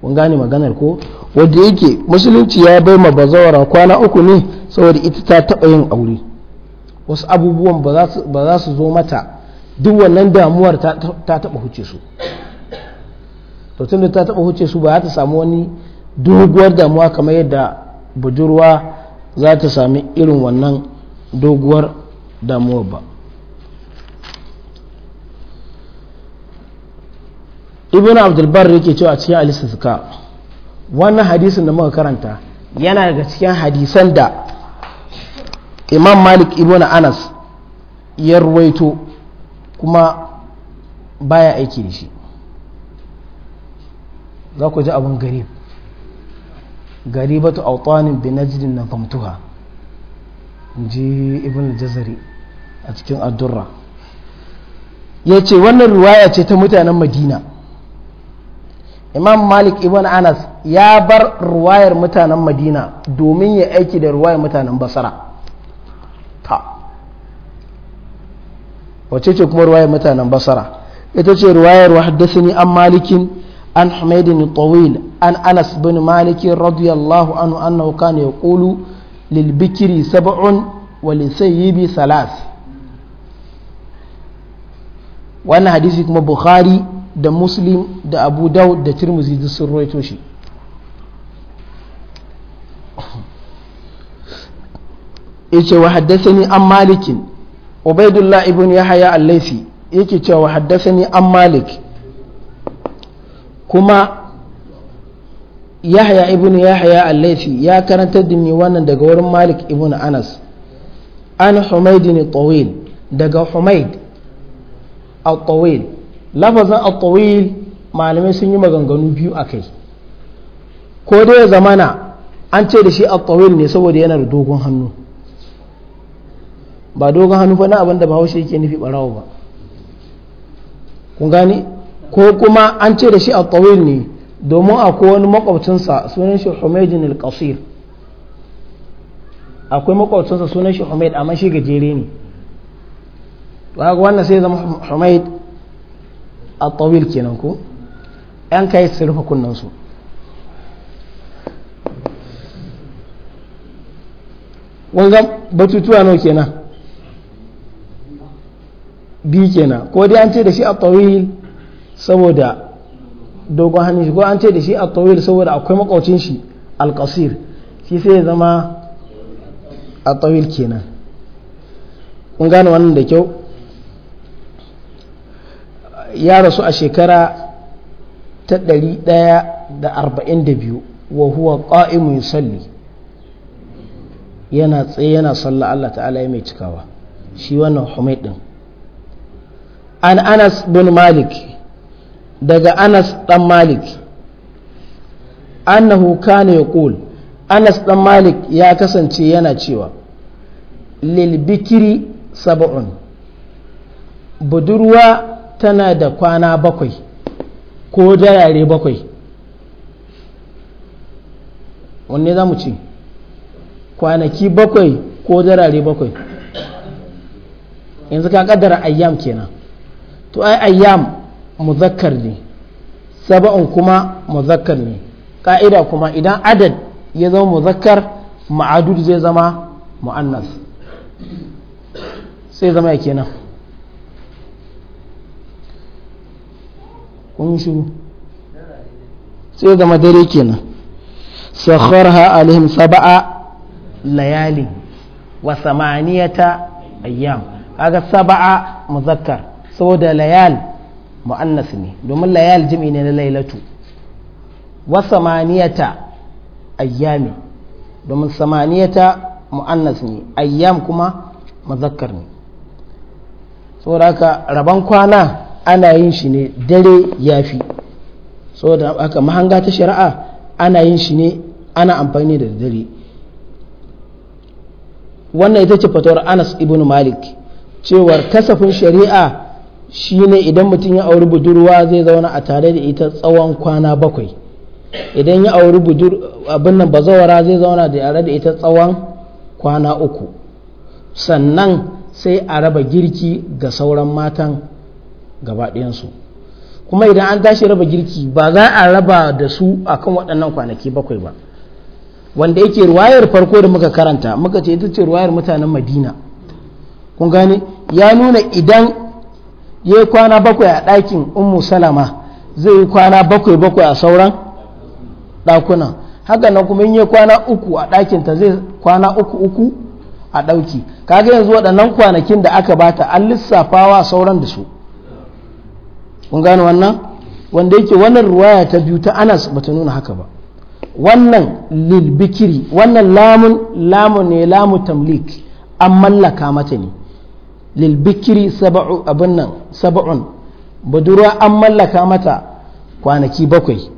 kun gane maganar ko wanda yake musulunci ya bai ma bazawara kwana uku ne saboda ita ta taɓa yin aure wasu abubuwan ba za su zo mata duk wannan damuwar ta taba huce su to da ta taba huce su ba za ta samu wani doguwar damuwa kamar yadda budurwa za ta sami irin wannan doguwar damuwar ba ibn abdulbar yake cewa cikin alistiska wannan hadisin da muka karanta yana daga cikin hadisan da imam malik ibn anas ya ruwaito kuma baya aiki da shi za ku ji abin garib garibatu autanin binajdin na famtuha ji ibn jazari a cikin addurra ya ce wannan ruwaya ce ta mutanen madina imam malik ibn anas ya bar ruwayar mutanen madina domin ya aiki da ruwayar mutanen basara ta wace ce kuma ruwayar mutanen basara ita ce ruwayar wahaddathani an malikin an tawil an anas bin malikin radiyallahu anhu annahu kana yaqulu lil bikri sab'un wa lisayyibi salas wannan hadisi kuma bukhari da muslim da abu daud da turmuzi da sun roito shi yace wa haddathani an malikin ubaidullah ibn yahya al-laisi yake cewa haddathani an malik kuma yahya ibn yahya al-laisi ya karanta da ni wannan daga wurin malik ibn anas an humaid tawil daga humaid al-tawil lafazin al tawil malamai sun yi maganganu biyu akai ko dai zamana an ce da shi al tawil ne saboda yana da dogon hannu ba dogon hannu fa na abin da bahaushe yake nufi barawo ba kun gani ko kuma an ce da shi al tawil ne domin akwai wani makwabcinsa sunan shi Humaydin al-Qasir akwai makwabcinsa sunan shi Humayd amma shi gajere ne wannan sai zama Humayd a tawil kenan ko yan kai su rufe kunnansu wanga batutuwa nawa kenan bi kenan ko dai an ce da shi a tawil saboda dogon hannun shi ko an ce da shi a tawil saboda akwai makaucin shi alkasir shi sai ya zama a tawil kenan kun gane wannan da kyau ya rasu a shekara ta ɗari ɗaya da da arba'in biyu, wa huwa ƙa'imun salli yana tsaye yana salla Allah ta'ala ya mai cikawa shi wannan Humayd ɗin. an Anas bin Malik daga Anas dan Malik annahu kana ƙul Anas ɗan Malik ya kasance yana cewa lil bikri sab'un budurwa tana da kwana bakwai ko jarare bakwai wanne za mu ci kwanaki bakwai ko jarare bakwai yanzu ka kaddara ayyam kenan to ai ayyam muzakkar ne saba'un kuma muzakkar ne ka'ida kuma idan adad ya zama muzakkar ma'adud zai zama mu'annas sai zama ya kenan kun yi shiru sai zama dare kenan sakharha alaihim sab'a layali wa samaniyata ayyam kaga sab'a muzakkar saboda layal muannas ne domin layal jimi ne na lailatu wa samaniyata ayyami domin samaniyata muannas ne ayyam kuma muzakkar ne saboda haka rabon kwana ana yin shi ne dare ya fi saboda haka mahanga ta shari'a ana yin shi ne ana amfani da dare wannan ita ce fatawar anas ibn malik cewar kasafin shari'a shine idan mutum ya auri budurwa zai zauna a tare da ita tsawon kwana bakwai idan ya auri budurwa abin nan bazawara zai zauna da yare da ita tsawon kwana uku sannan sai a raba girki ga sauran matan gaba ɗayansu kuma idan an tashi raba girki ba za a raba da su akan waɗannan kwanaki bakwai ba wanda yake ruwayar farko da muka karanta muka ce ita ce ruwayar mutanen madina kun gane ya nuna idan ya yi kwana bakwai a ɗakin ummu salama zai yi kwana bakwai bakwai a sauran ɗakunan haka na kuma in yi kwana uku a ɗakinta zai kwana uku uku a ɗauki kaga yanzu waɗannan kwanakin da aka bata an lissafawa sauran da su kun gane wannan wanda yake wannan ruwaya ta biyu ta anas ba ta nuna haka ba wannan lilbikiri wannan lamun lamun ne lamu tamlik an mallaka mata ne lilbikiri sab'u abin nan sab'un budurwa an mallaka mata kwanaki bakwai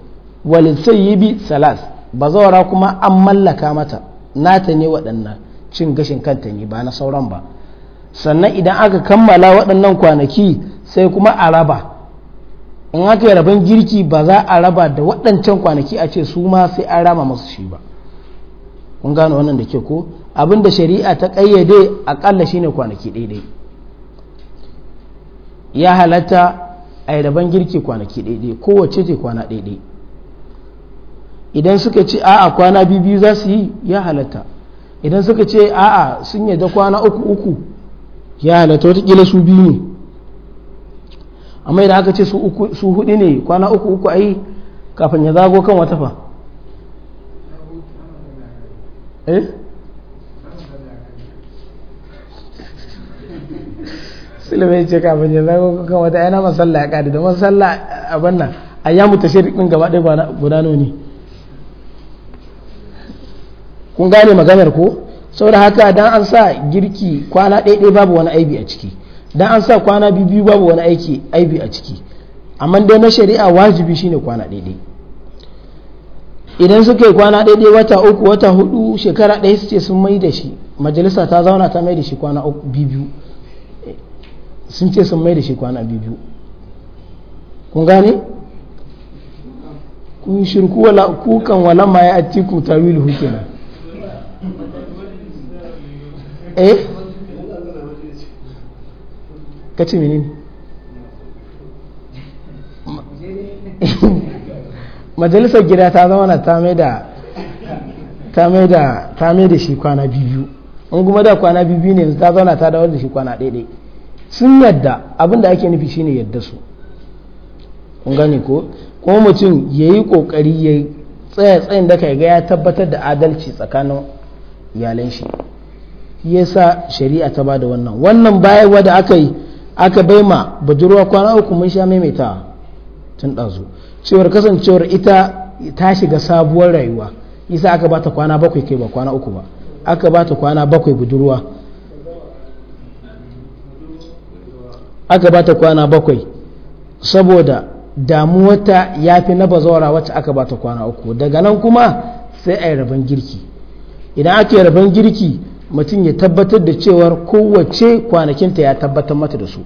walil sayyibi salas bazawara kuma an mallaka mata nata ne waɗannan cin gashin kanta ne ba na sauran ba sannan idan aka kammala waɗannan kwanaki sai kuma a raba in aka rabon girki ba za a raba da waɗancan kwanaki a ce su ma sai an rama masu shi ba kun gano wannan da ke ko abinda shari'a ta ƙayyade aƙalla shine kwanaki ɗaiɗai ya halatta a rabon girki kwanaki ɗaiɗai kowace ce kwana ɗaiɗai idan suka ce a'a kwana biyu za su yi ya halatta idan suka ce a'a sun yadda kwana uku uku ya halatta watakila su biyu ne amma idan aka ce su hudu ne kwana uku uku a yi kafin ya zago kan wata fa eh ya ce kafin ya zago kan wata yana masalla ya kadi a banna a nan ta tashrik ɗin gaba ɗaya guda ne kun gane maganar ko saboda haka dan an sa girki kwana ɗaya babu wani aibi a ciki dan an sa kwana biyu biyu babu wani aiki aibi a ciki amma dai na shari'a wajibi shine kwana daidai idan suka yi kwana daidai wata uku wata hudu shekara ɗaya su ce sun mai da shi majalisa ta zauna ta mai da shi kwana biyu sun ce sun mai da shi kwana biyu kun gane kun shirku wala kukan wala ma ya atiku tawilu kenan eh kace menene majalisar gida ta zama na ta mai da ta mai da shi kwana biyu in kuma da kwana biyu ne ta zauna ta dawar da shi kwana daidai sun yadda abinda ake nufi shine yadda su kun gane ko kuma mutum ya yi kokari ya tsaya tsayin da kai ga ya tabbatar da adalci tsakanin iyalan shi yasa shari'a ta ba da wannan wannan baya wadda aka yi aka bai ma budurwa kwana uku mun sha maimaita tun ɗazu cewar kasancewar ita ta shiga sabuwar rayuwa isa aka ba ta kwana bakwai kai ba kwana uku ba aka ba ta kwana bakwai budurwa aka ba ta kwana bakwai saboda damuwata ya fi na bazawara wacce aka ba ta kwana uku daga nan kuma sai a yi rabon girki idan aka yi rabon girki mutum ya tabbatar da cewar kowace kwanakinta ya tabbatar mata da su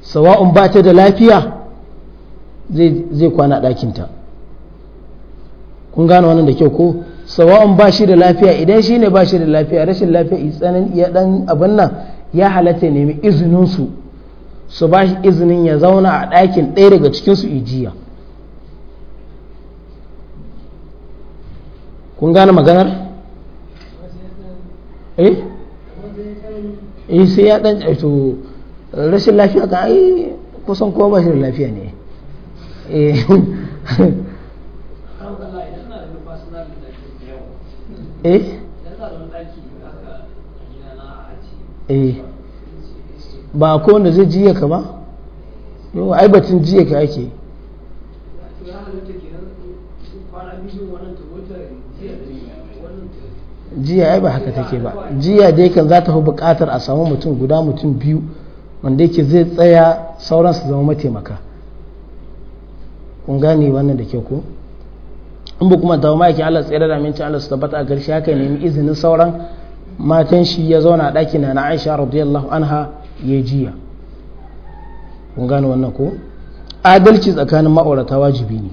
sawa'un ba ta da lafiya zai kwana ɗakinta kun gane wannan da kyau ko sawa'un ba shi da lafiya idan shi ne ba shi da lafiya rashin lafiya tsanan ya dan abin nan ya halatta nemi izinin su ba shi izinin ya zauna a ɗakin ɗaya daga cikin su ijiya kun gane maganar eh eh sai ya dan eh, to rashin lafiya ka ai kusan kowa ba shi da lafiya ne eh eh? eh ba ko wanda zai jiya ka ba yau aibatin jiya ka ake jiya ya ba haka take ba jiya dai kan za ta fi buƙatar a samu mutum guda mutum biyu wanda yake zai tsaya sauran su zama mataimaka kun gane wannan da ke ko in ba kuma tawo ma'aikin Allah tsere da amincin Allah su tabbata a garshi haka nemi izinin sauran matan shi ya zauna a ɗaki na Aisha radiyallahu anha ya jiya kun gane wannan ko adalci tsakanin ma'aurata wajibi ne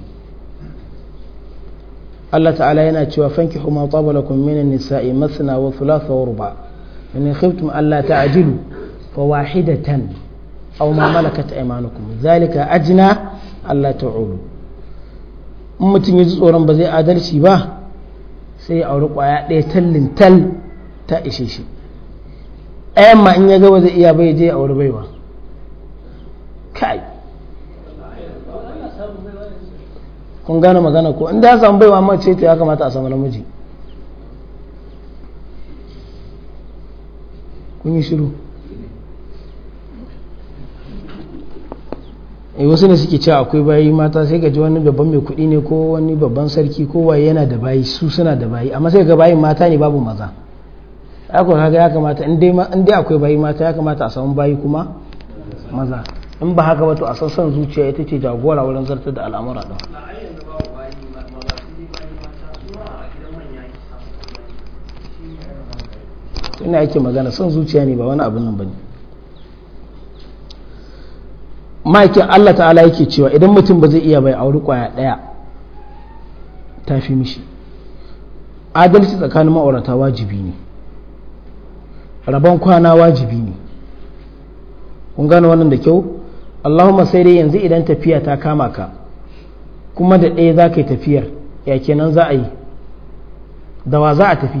Allah ta'ala yana cewa fanki huma tabalakum minan nisa'i masna wa thulatha wa ruba in khiftum alla ta'jilu fawahidatan aw ma malakat aymanukum zalika ajna alla ta'ulu in mutum ya tsoron ba zai adalci ba sai ya auri kwaya ɗaya tallin tal ta ishe shi ɗayan ma in ya ga ba zai iya bai je ya auri baiwa kai kun gane magana ko inda ya samu baiwa mace ta ya kamata a samu namiji kun yi shiru e wasu ne suke cewa akwai bayi mata sai gaji wani babban mai kuɗi ne ko wani babban sarki ko waye yana da bayi su suna da bayi amma sai ga bayin mata ne babu maza akwai haka ya kamata in dai akwai bayi mata ya kamata a samu bayi kuma maza in ba haka ba to a sassan zuciya ita ce jagora wurin zartar da al'amura ɗin to ina yake magana son zuciya ne ba wani abin nan bane ma'aikin Allah ta'ala yake cewa idan mutum ba zai iya bai auri kwaya daya ta fi mishi adalci tsakanin ma'aurata wajibi ne rabon kwana wajibi ne kun gane wannan da kyau Allahumma sai dai yanzu idan tafiya ta kama ka kuma da ɗaya za ka yi tafiyar ya kenan za a yi da wa za a tafi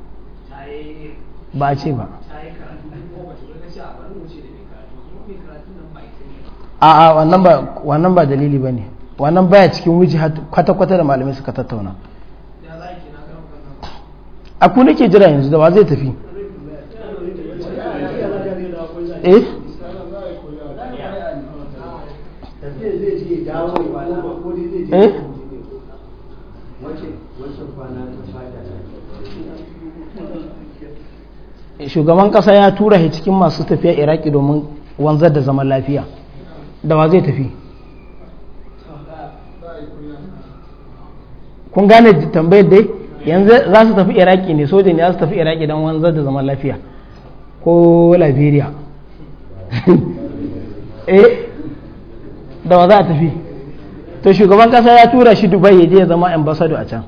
ba ce ba a a wannan ba dalili ba ne wannan baya cikin wuji kwata-kwata da malamai suka tattauna a ku nake jira yanzu da ba zai tafi eh, eh? shugaban kasa ya tura shi cikin masu tafiya iraki domin wanzar da zaman lafiya da ma zai tafi kun gane tambayar dai yanzu za su tafi iraki ne sojan ya su tafi iraki don wanzar da zaman lafiya ko liberia eh da ma za a tafi to shugaban kasa ya tura shi dubai ya je ya zama ambassador a can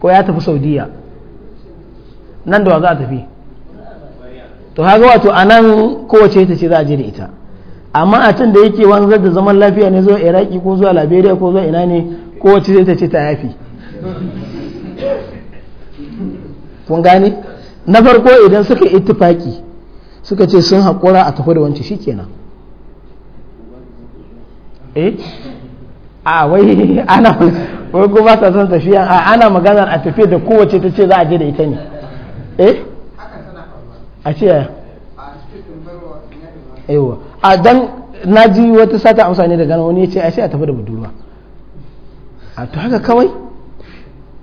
ko ya tafi saudiya nan da wa za a tafi to haka wato a nan kowace ta ce za a je da ita amma a can da yake wanzar da zaman lafiya ne zuwa iraki ko zuwa liberia ko zuwa ina ne kowace ta ce ta yafi kun gane na farko idan suka yi tufaki suka ce sun haƙura a tafi da wancan shi kenan eh? a wai ana wai ko ba ta son tafiya a ana maganar a tafi da kowace ta ce za a je da ita ne eh a ce yaya aiwa a dan na ji wata sata amsa ne daga wani ya ce a ce a tafi da budurwa a to haka kawai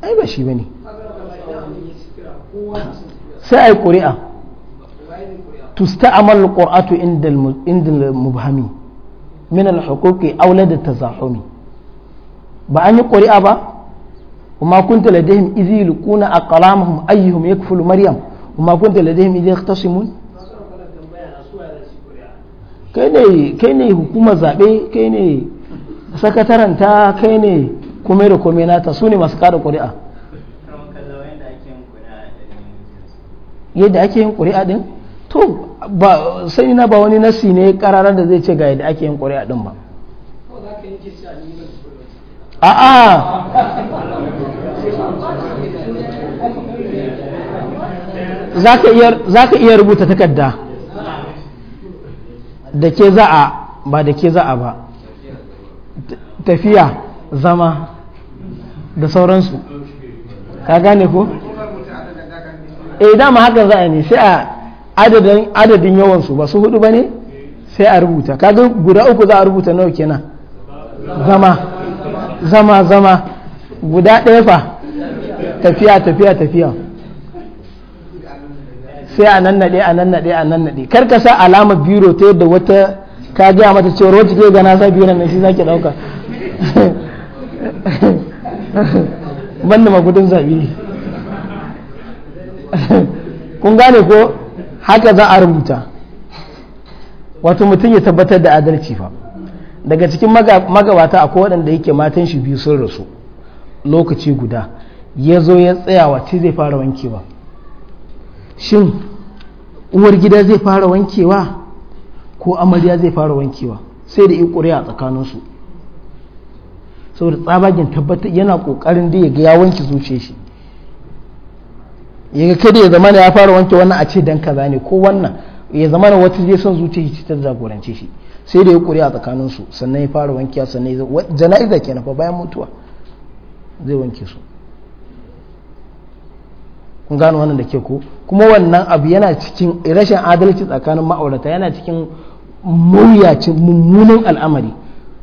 ai ba shi bane sai yi ƙuri'a amal qur'atu inda inda mubhami min al-huquqi awla da tazahumi ba an yi ƙuri'a ba kuma kunta ladayhim idh yulquna aqlamahum ayyuhum yakfulu maryam وما كنت لديهم إذا اختصمون كيني كيني kai ne كيني zaɓe kai ne sakataranta kai ne kome da masu yadda ake yin ƙuri'a din to ba sai na ba wani nasi ne kararar da zai ce ga yadda ake yin ƙuri'a din ba a'a za ka iya rubuta takarda da ke za'a ba da ke za'a ba tafiya zama da sauransu ka gane ko? eh dama za za'a ne sai a adadin yawansu ba su hudu ba ne sai a rubuta kaga guda uku za a rubuta nawa kenan zama zama zama guda ɗaya fa tafiya tafiya tafiya sai a nan naɗe a nan naɗe a nan naɗe, kar ka sa alama biro ta yadda wata ka gaya mata cewa wacce ke gana sa biro nan shi zaki ban da magudin zabi kun gane ko haka za a rubuta wato mutum ya tabbatar da adalci fa daga cikin magabata akwai waɗanda yake matan shi biyu sun rasu lokaci guda ya zo ya tsayawa ci zai fara wankewa shin uwar gida zai fara wankewa ko amarya zai fara wankewa sai da yi ƙuri'a tsakaninsu saboda tsabagen tabbatar yana ƙoƙarin da ya ga ya wanke zuce shi ya ga kada ya zama ya fara wanke wannan a ce dan kaza ne ko wannan ya zama wata zai son zuce shi ta jagorance shi sai da ya ƙuri'a tsakaninsu sannan ya fara wankiya sannan ya jana'iza kenan fa bayan mutuwa zai wanke su kun gano wannan da ke ko kuma wannan abu yana cikin rashin adalci tsakanin ma'aurata yana cikin muryacin mummunan al'amari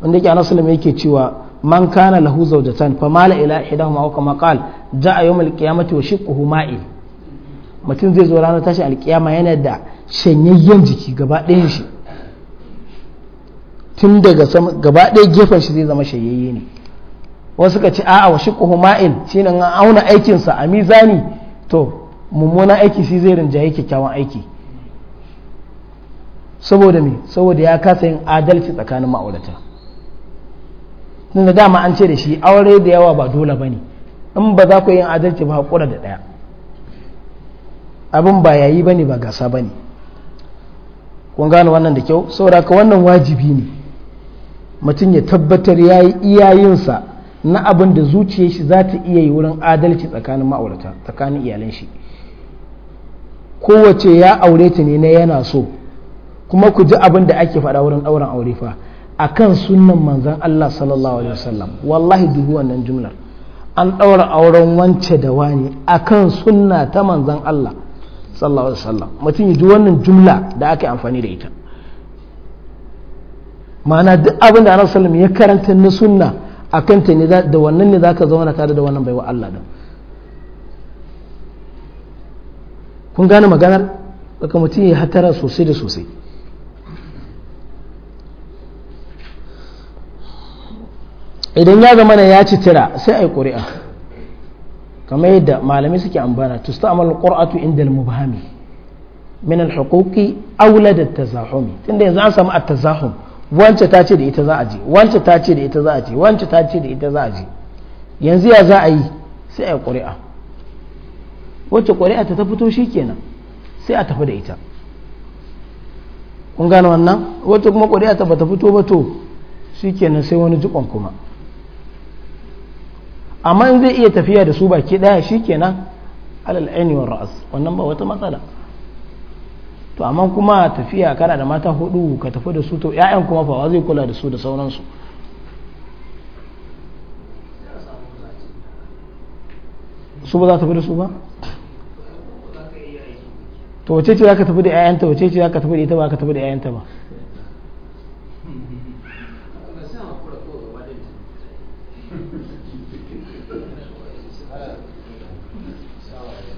wanda yake anasu lamai yake cewa man kana lahu zawjatan fa mala ila ihdahuma aw kama qal ja'a yawmul qiyamati wa shiqquhu ma'il mutum zai zo ranar tashi alkiyama yana da shanyayyen jiki gaba ɗayan shi tun daga gaba ɗaya gefen shi zai zama shanyayye ne wasu ka ci a'a wa shiqquhu ma'il shine an auna aikinsa a mizani to mummunan aiki shi zai rinjaye kyakkyawan aiki saboda me saboda ya kasa yin adalci tsakanin ma'aurata tunda dama an ce da shi aure da yawa ba dole bane in ba za ku yin adalci ba hakura da ɗaya abin ba yayi bane ba gasa bane kun gano wannan da kyau saboda ka wannan wajibi ne mutum ya tabbatar yayi yi iyayensa na abin da zuciyar shi za ta iya yi wurin adalci tsakanin ma'aurata tsakanin iyalan shi kowace ya aure ta ne na yana so kuma ku ji abin da ake faɗa wurin ɗaurin aure fa a kan sunan manzan Allah sallallahu alaihi wasallam wallahi dubu wannan jumlar an ɗaura auren wance da wani a kan sunna ta manzan Allah sallallahu alaihi wasallam mutum ya ji wannan jumla da aka amfani da ita ma'ana duk abin da annabi sallallahu alaihi wasallam ya karanta na sunna kan ta ne da wannan ne ka zauna tare da wannan baiwa Allah da kun gane maganar daga mutum ya hatara sosai da sosai idan ya zama ya ci tira sai a yi ƙuri'a kamar yadda malamai suke ambana tusta'mal qur'atu inda mubhami min al-huquqi awla da tazahumi tunda yanzu an samu at-tazahum wance ta ce da ita za a je wance ta ce da ita za a je wance ta ce da ita za a je yanzu ya za a yi sai a yi ƙuri'a wacce ƙuri'a ta ta fito shikenan sai a tafi da ita kun gane wannan wacce kuma ƙuri'a ta bata fito ba to shikenan sai wani jikon kuma amma in zai iya tafiya da su baki ɗaya shikenan alal ainihin ra'as wannan ba wata matsala to amma kuma tafiya kana da mata hudu ka tafi da su to ƴaƴan kuma fa zai kula da su da sauransu su ba za ta fi da su ba to wace ce za ka tafi da ƴaƴanta wace ce za ka tafi da ita ba ka tafi da ƴaƴanta ba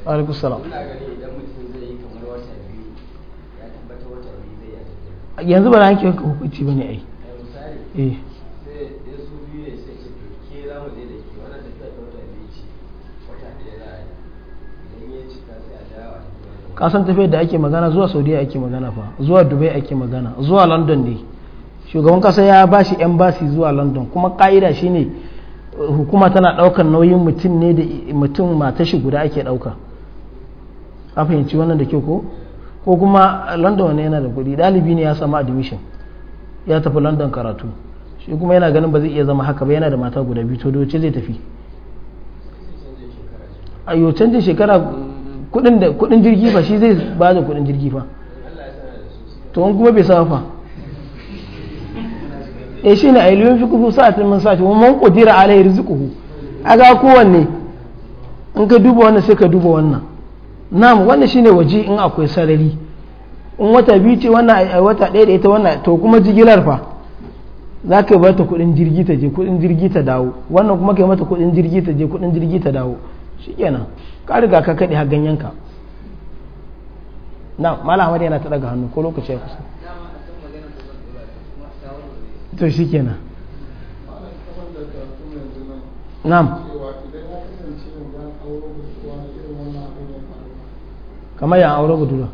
alaikum salam yanzu ba ranke yanka hukunci ba ne ai eh, eh. kasan tafiyar da ake magana zuwa saudiya ake magana fa zuwa dubai ake magana zuwa london ne shugaban kasa ya ba shi embassy zuwa london kuma ka'ida shine hukuma tana daukar nauyin mutum ne da mutum shi guda ake dauka ka fahimci wannan da ke ko ko kuma london ne yana da kuɗi ɗalibi ne ya samu admission ya tafi london karatu shi kuma yana ganin ba zai iya zama haka ba yana da mata guda biyu to ce zai tafi a yau shekara kudin jirgi fa shi zai ba da kudin jirgi fa to wani kuma bai sa fa e shi ne a ilimin fi kufu sa'atin man sa'atin man kudira alai rizquhu aga kowanne in ka duba wannan sai ka duba wannan mu wannan shine waje in akwai sarari in wata biyu ce wannan a wata ɗaya da ita wannan to kuma jigilar fa za ka bata kuɗin jirgi ta je kuɗin jirgi ta dawo wannan kuma kai mata kuɗin jirgi ta je kuɗin jirgi ta dawo shikenan ka riga ka kaɗe har ganyen ka na malam ahmad yana ta daga hannu ko lokaci ya kusa to kenan na'am kamar yan aure budurwa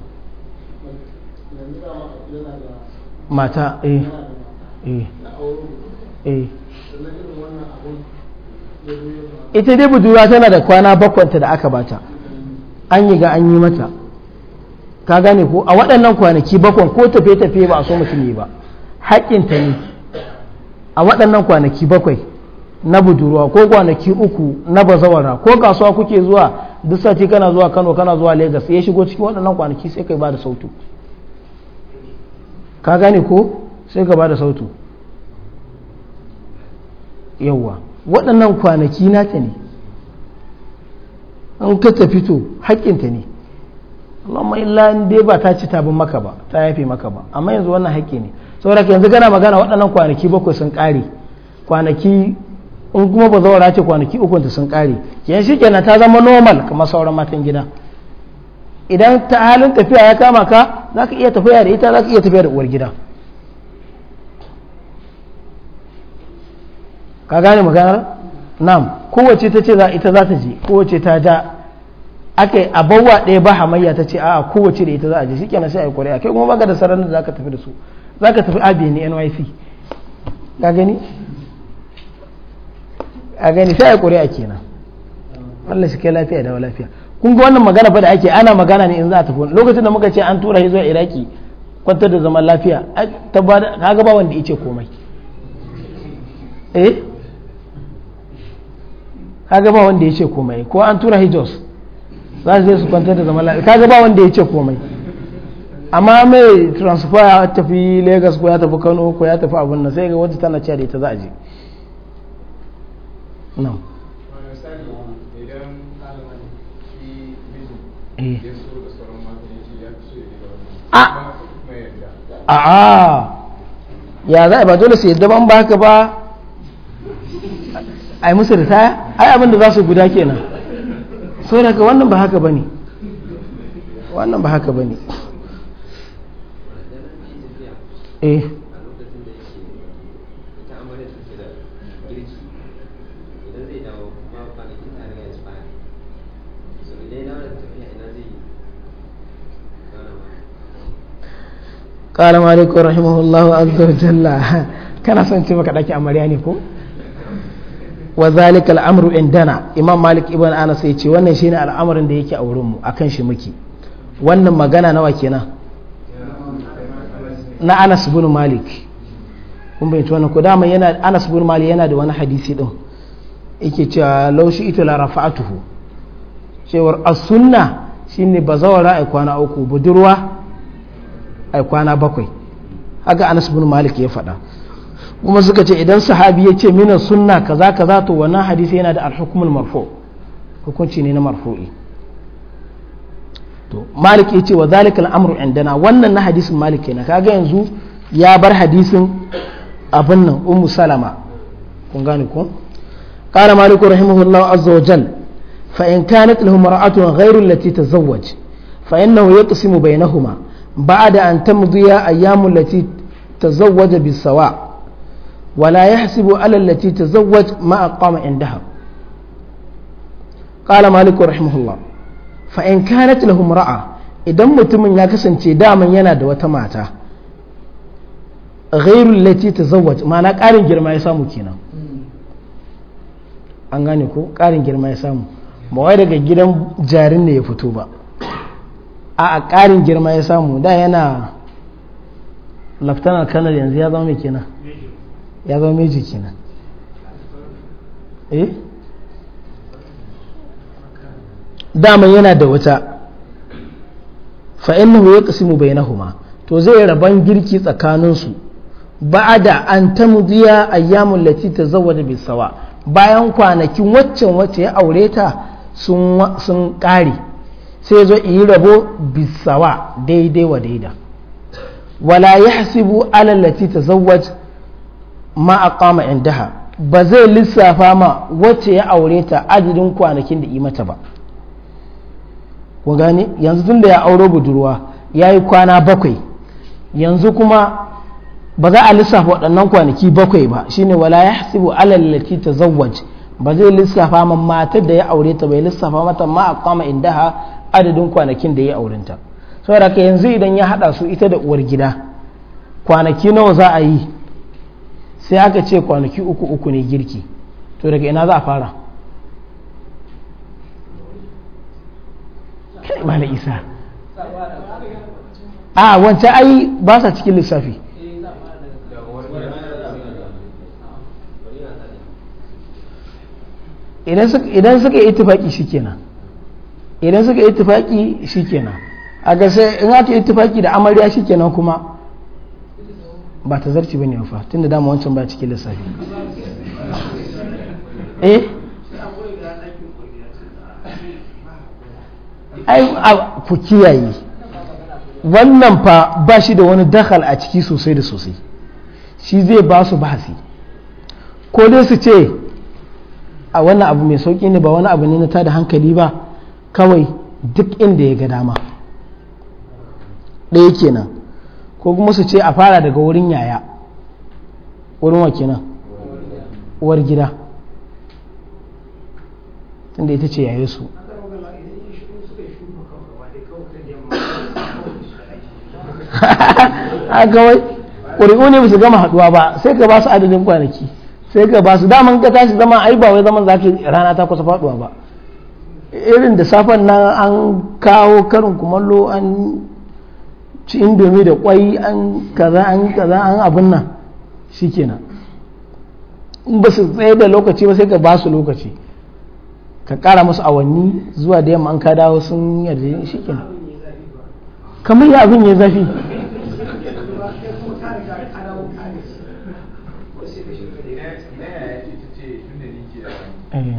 mata eh. eh eh ita dai budurwa tana da kwana bakwanta da aka bata an yi ga an yi mata ka gane ko a waɗannan kwanaki bakwan ko tafe-tafe ba a so mutum yi ba ta ne a waɗannan kwanaki bakwai na budurwa ko kwanaki uku na bazawara ko kasuwa kuke zuwa duk sati kana zuwa kano kana zuwa lagos ya shigo cikin waɗannan kwanaki sai kai ba da sautu ka gane ko sai ka ba da sautu yauwa waɗannan kwanaki nata ne an ka ta fito haƙƙinta ne Allahumma illa in dai ba ta ci tabin maka ba ta yafe maka ba amma yanzu wannan haƙƙi ne saboda yanzu gana magana waɗannan kwanaki bakwai sun ƙare kwanaki in kuma ba zaura ce kwanaki uku ta sun kare kenan shi kenan ta zama normal kamar sauran matan gida idan ta halin tafiya ya kama ka za ka iya tafiya da ita za ka iya tafiya da uwar gida ka gane maganar nam kowace ta ce ita za ta je kowace ta ja ake yi abawa ɗaya ba hamayya ta ce a'a kowace da ita za a je shikenan sai a yi kuri'a kai kuma baka da sararin da za ka tafi da su za ka tafi abi ne nyc ka gani a gani sai a ƙuri'a kenan Allah shi kai lafiya da lafiya kun ga wannan magana fa da ake ana magana ne in za a tafi lokacin da muka ce an tura shi zuwa Iraki kwantar da zaman lafiya kaga ba wanda ice komai eh kaga ba wanda yace komai ko an tura hijos za su je su kwantar da zaman lafiya kaga ba wanda yace komai amma mai transfer ya tafi Lagos ko ya tafi Kano ko ya tafi abun nan sai ga wata tana cewa da ita za a je ya za a ba dole su yadda ban baka ba a yi musu ritaya ai abin da za su guda kenan so daga wannan ba haka ne wannan ba haka ne eh قال مالك رحمه الله عز وجل كان سنتي بك داكي امريا ne ko وذلك الامر عندنا امام مالك ابن انس ce wannan shine al'amarin da yake a wurin mu akan shi muke wannan magana nawa kenan na Anas bin Malik kun bai wannan ko dama yana Anas bin Malik yana da wani hadisi din yake cewa laushi shi ita la rafa'atuhu cewar as-sunna shine bazawara ai kwana uku budurwa ai kwana bakwai haka anas bin malik ya faɗa kuma suka ce idan sahabi ya ce mina sunna kaza kaza to wannan hadisi yana da alhukumul marfu hukunci ne na marfu'i to malik ya ce wa zalikal amru indana wannan na hadisin malik kenan kaga yanzu ya bar hadisin abin nan ummu salama kun gane ko قال مالك رحمه الله عز وجل فإن كانت له امرأة غير التي تزوج فإنه يقسم بينهما بعد أن تمضي أيام التي تزوج بالسواء ولا يحسب على التي تزوج ما أقام عندها قال مالك رحمه الله فإن كانت له امرأة إذا متمن يكسن دائما يناد وتماتا غير التي تزوج ما أنا قارن جرما يسامو كينا an gane ko ƙarin girma ya samu ba wai gidan jarin ne ya fito ba a ƙarin girma ya samu da yana laftanar kanar yanzu ya zama mai kenan ya zama meji kenan eh daman yana da wata fa'innahu ya mu bai nahuma to zai raban girki tsakaninsu Ba da an ta a yamun lati ta da bisawa bayan kwanakin waccan wacce ya aure ta sun ƙare sai zo in yi rabo bisawa daidai wa daida wala ya hasibu alalati ta zawaj ma a kama indaha ba zai lissafa ma wacce ya aure ta adadin kwanakin da mata ba ku gani yanzu tun da ya auro budurwa ya yi kwana bakwai yanzu kuma ba za a lissafa waɗannan kwanaki bakwai ba shine wala ya hasibu alalati ta zawaj ba zai lissafa ma matar da ya aure ta bai lissafa mata ma a kama indaha adadin kwanakin da ya aurenta saboda ka yanzu idan ya haɗa su ita da uwar gida kwanaki nawa za a yi sai aka ce kwanaki uku uku ne girki to daga ina za a fara kai isa a wancan ai ba sa cikin lissafi idan suka yi itifaki shi kenan idan suka yi shi shikenan a in za ta yi ittifaki da amarya shikenan kuma ba ta zarci bane fa da dama wancan ba cikin lissafi eh ai ku kiyaye wannan fa ba shi da wani dakal a ciki sosai da sosai shi zai ba su bahasi ko dai su ce a wannan abu mai sauki ne ba wani abu ne na tada hankali ba kawai duk inda ya ga dama ɗaya kenan ko kuma su ce a fara daga wurin yaya wurin wa nan uwar gida tunda ita ce yaye su a kawai ƙuri'u ne su gama haɗuwa ba sai ka ba su adadin kwanaki sai ka ba su daman ka tashi zama ai ba wai zaman za ka rana ta kusa faɗuwa ba irin da safen nan an kawo karin kumallo an ci indomi da kwai an kaza an kaza an abin nan shikenan in ba su tsaye da lokaci ba sai ka ba su lokaci ka kara musu awanni zuwa da yamma an ka dawo sun yarda shi shikenan kamar ya abin ya zafi Yeah.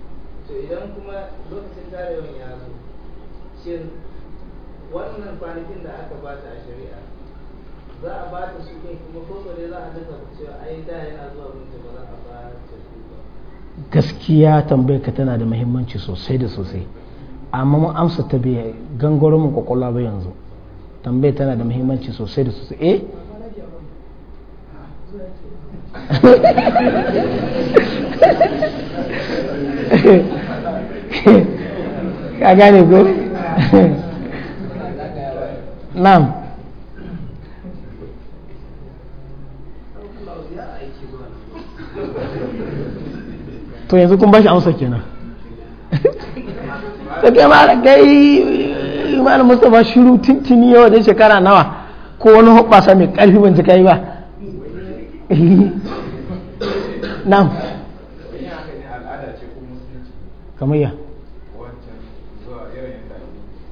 to idan kuma lokacin tarewan ya zo shin wannan kwanakin da aka bata a shari'a za a bata su ɗin kuma ko ne za a daga cewa ai da yana zuwa mutu ba za a ba ta su ba gaskiya tambayar ka tana da muhimmanci sosai da sosai amma mun amsa ta bai gangaro kwakwalwa ba yanzu tambayar tana da muhimmanci sosai da sosai eh ka gane ko nam to yanzu kun bashi amsa kenan kai ma kai malam Mustapha shiru tintini yau da shekara nawa ko wani hoɓasa mai ƙarfi ban ji kai ba nam. kamar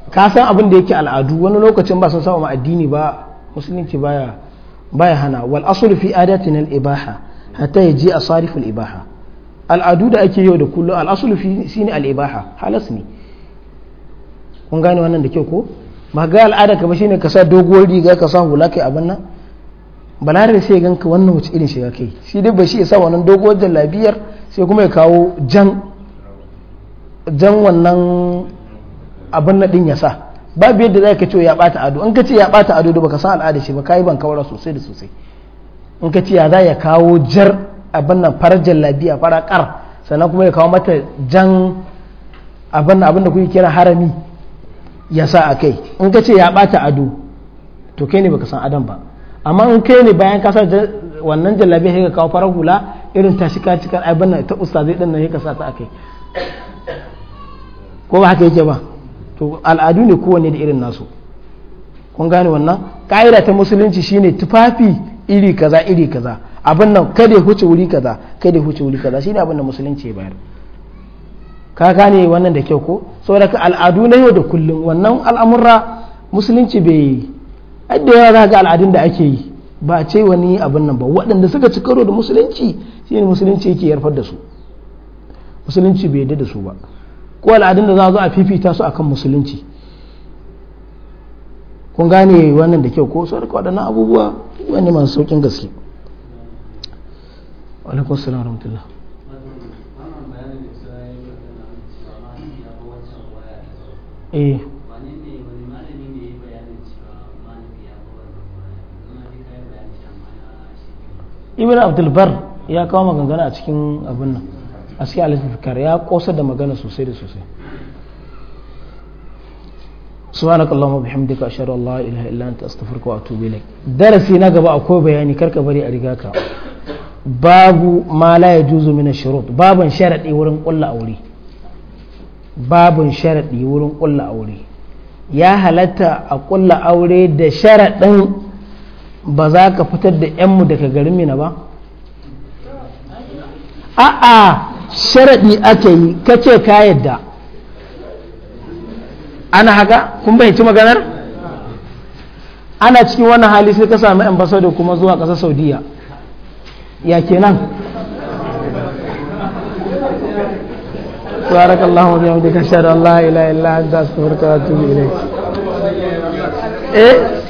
ka san abin da yake al'adu wani lokacin ba sun samu addini ba musulunci baya baya hana wal asulu fi adatin al ibaha hatta yaji asarif al ibaha al'adu da ake yau da kullum al asulu fi shine al ibaha halas ne kun gane wannan da kyau ko ba ga al'ada ka ba shine ka sa doguwar riga ka sa hula kai abin nan balare sai ganka wannan wace irin shiga kai shi dai ba shi ya sa wannan doguwar jallabiyar sai kuma ya kawo jan jan wannan abin na din ya sa babu yadda ka ce ya bata ado in ka ce ya bata ado da baka san al'ada shi ba kai ban kawara sosai da sosai in ka ce ya za ya kawo jar abin nan farar a fara kar sannan kuma ya kawo mata jan abin abin da kuke kira harami ya sa a kai in ka ce ya bata ado to kai ne baka san adam ba amma in kai ne bayan ka sa wannan jallabiya sai ka kawo farar hula irin ta shi cikar abin nan ta ustazai din nan ya ka sa ta a kai ko ba haka yake ba to al'adu ne kowanne da irin nasu kun gane wannan ka'ida ta musulunci shine tufafi iri kaza iri kaza abin nan kada ya huce wuri kaza kada ya huce wuri kaza shine abin da musulunci ya bayar ka gane wannan da kyau ko saboda al'adu na yau da kullum wannan al'amurra musulunci bai da yawa za ga al'adun da ake yi ba a ce wani abin nan ba waɗanda suka ci karo da musulunci shine musulunci yake yarfar da su musulunci bai yarda da su ba ko al'adun da za a zo a fifita su akan musulunci kun gane wannan da kyau ko su rika waɗannan abubuwa wani masu saukin gaske alaikun salam rahmatullah eh ibn abdulbar ya kawo maganganu a cikin abin nan a cikin al ya kosa da magana sosai da sosai subhanaka allahumma bihamdika ashhadu an la ilaha illa anta astaghfiruka wa atubu darasi na gaba akwai bayani karka bari a riga ka babu ma la yajuzu min ash-shurut baban sharadi wurin kulla aure babun sharadi wurin kulla aure ya halatta a kulla aure da sharadin ba za ka fitar da yanmu daga garin mina ba a'a sharaɗi ake yi kace ka yadda ana haka kun bayyanci maganar ana cikin wannan hali sai ka sami ambassador kuma zuwa ƙasar saudiya ya kenan سبحانك اللهم وبحمدك اشهد ان لا اله الا انت استغفرك واتوب اليك ايه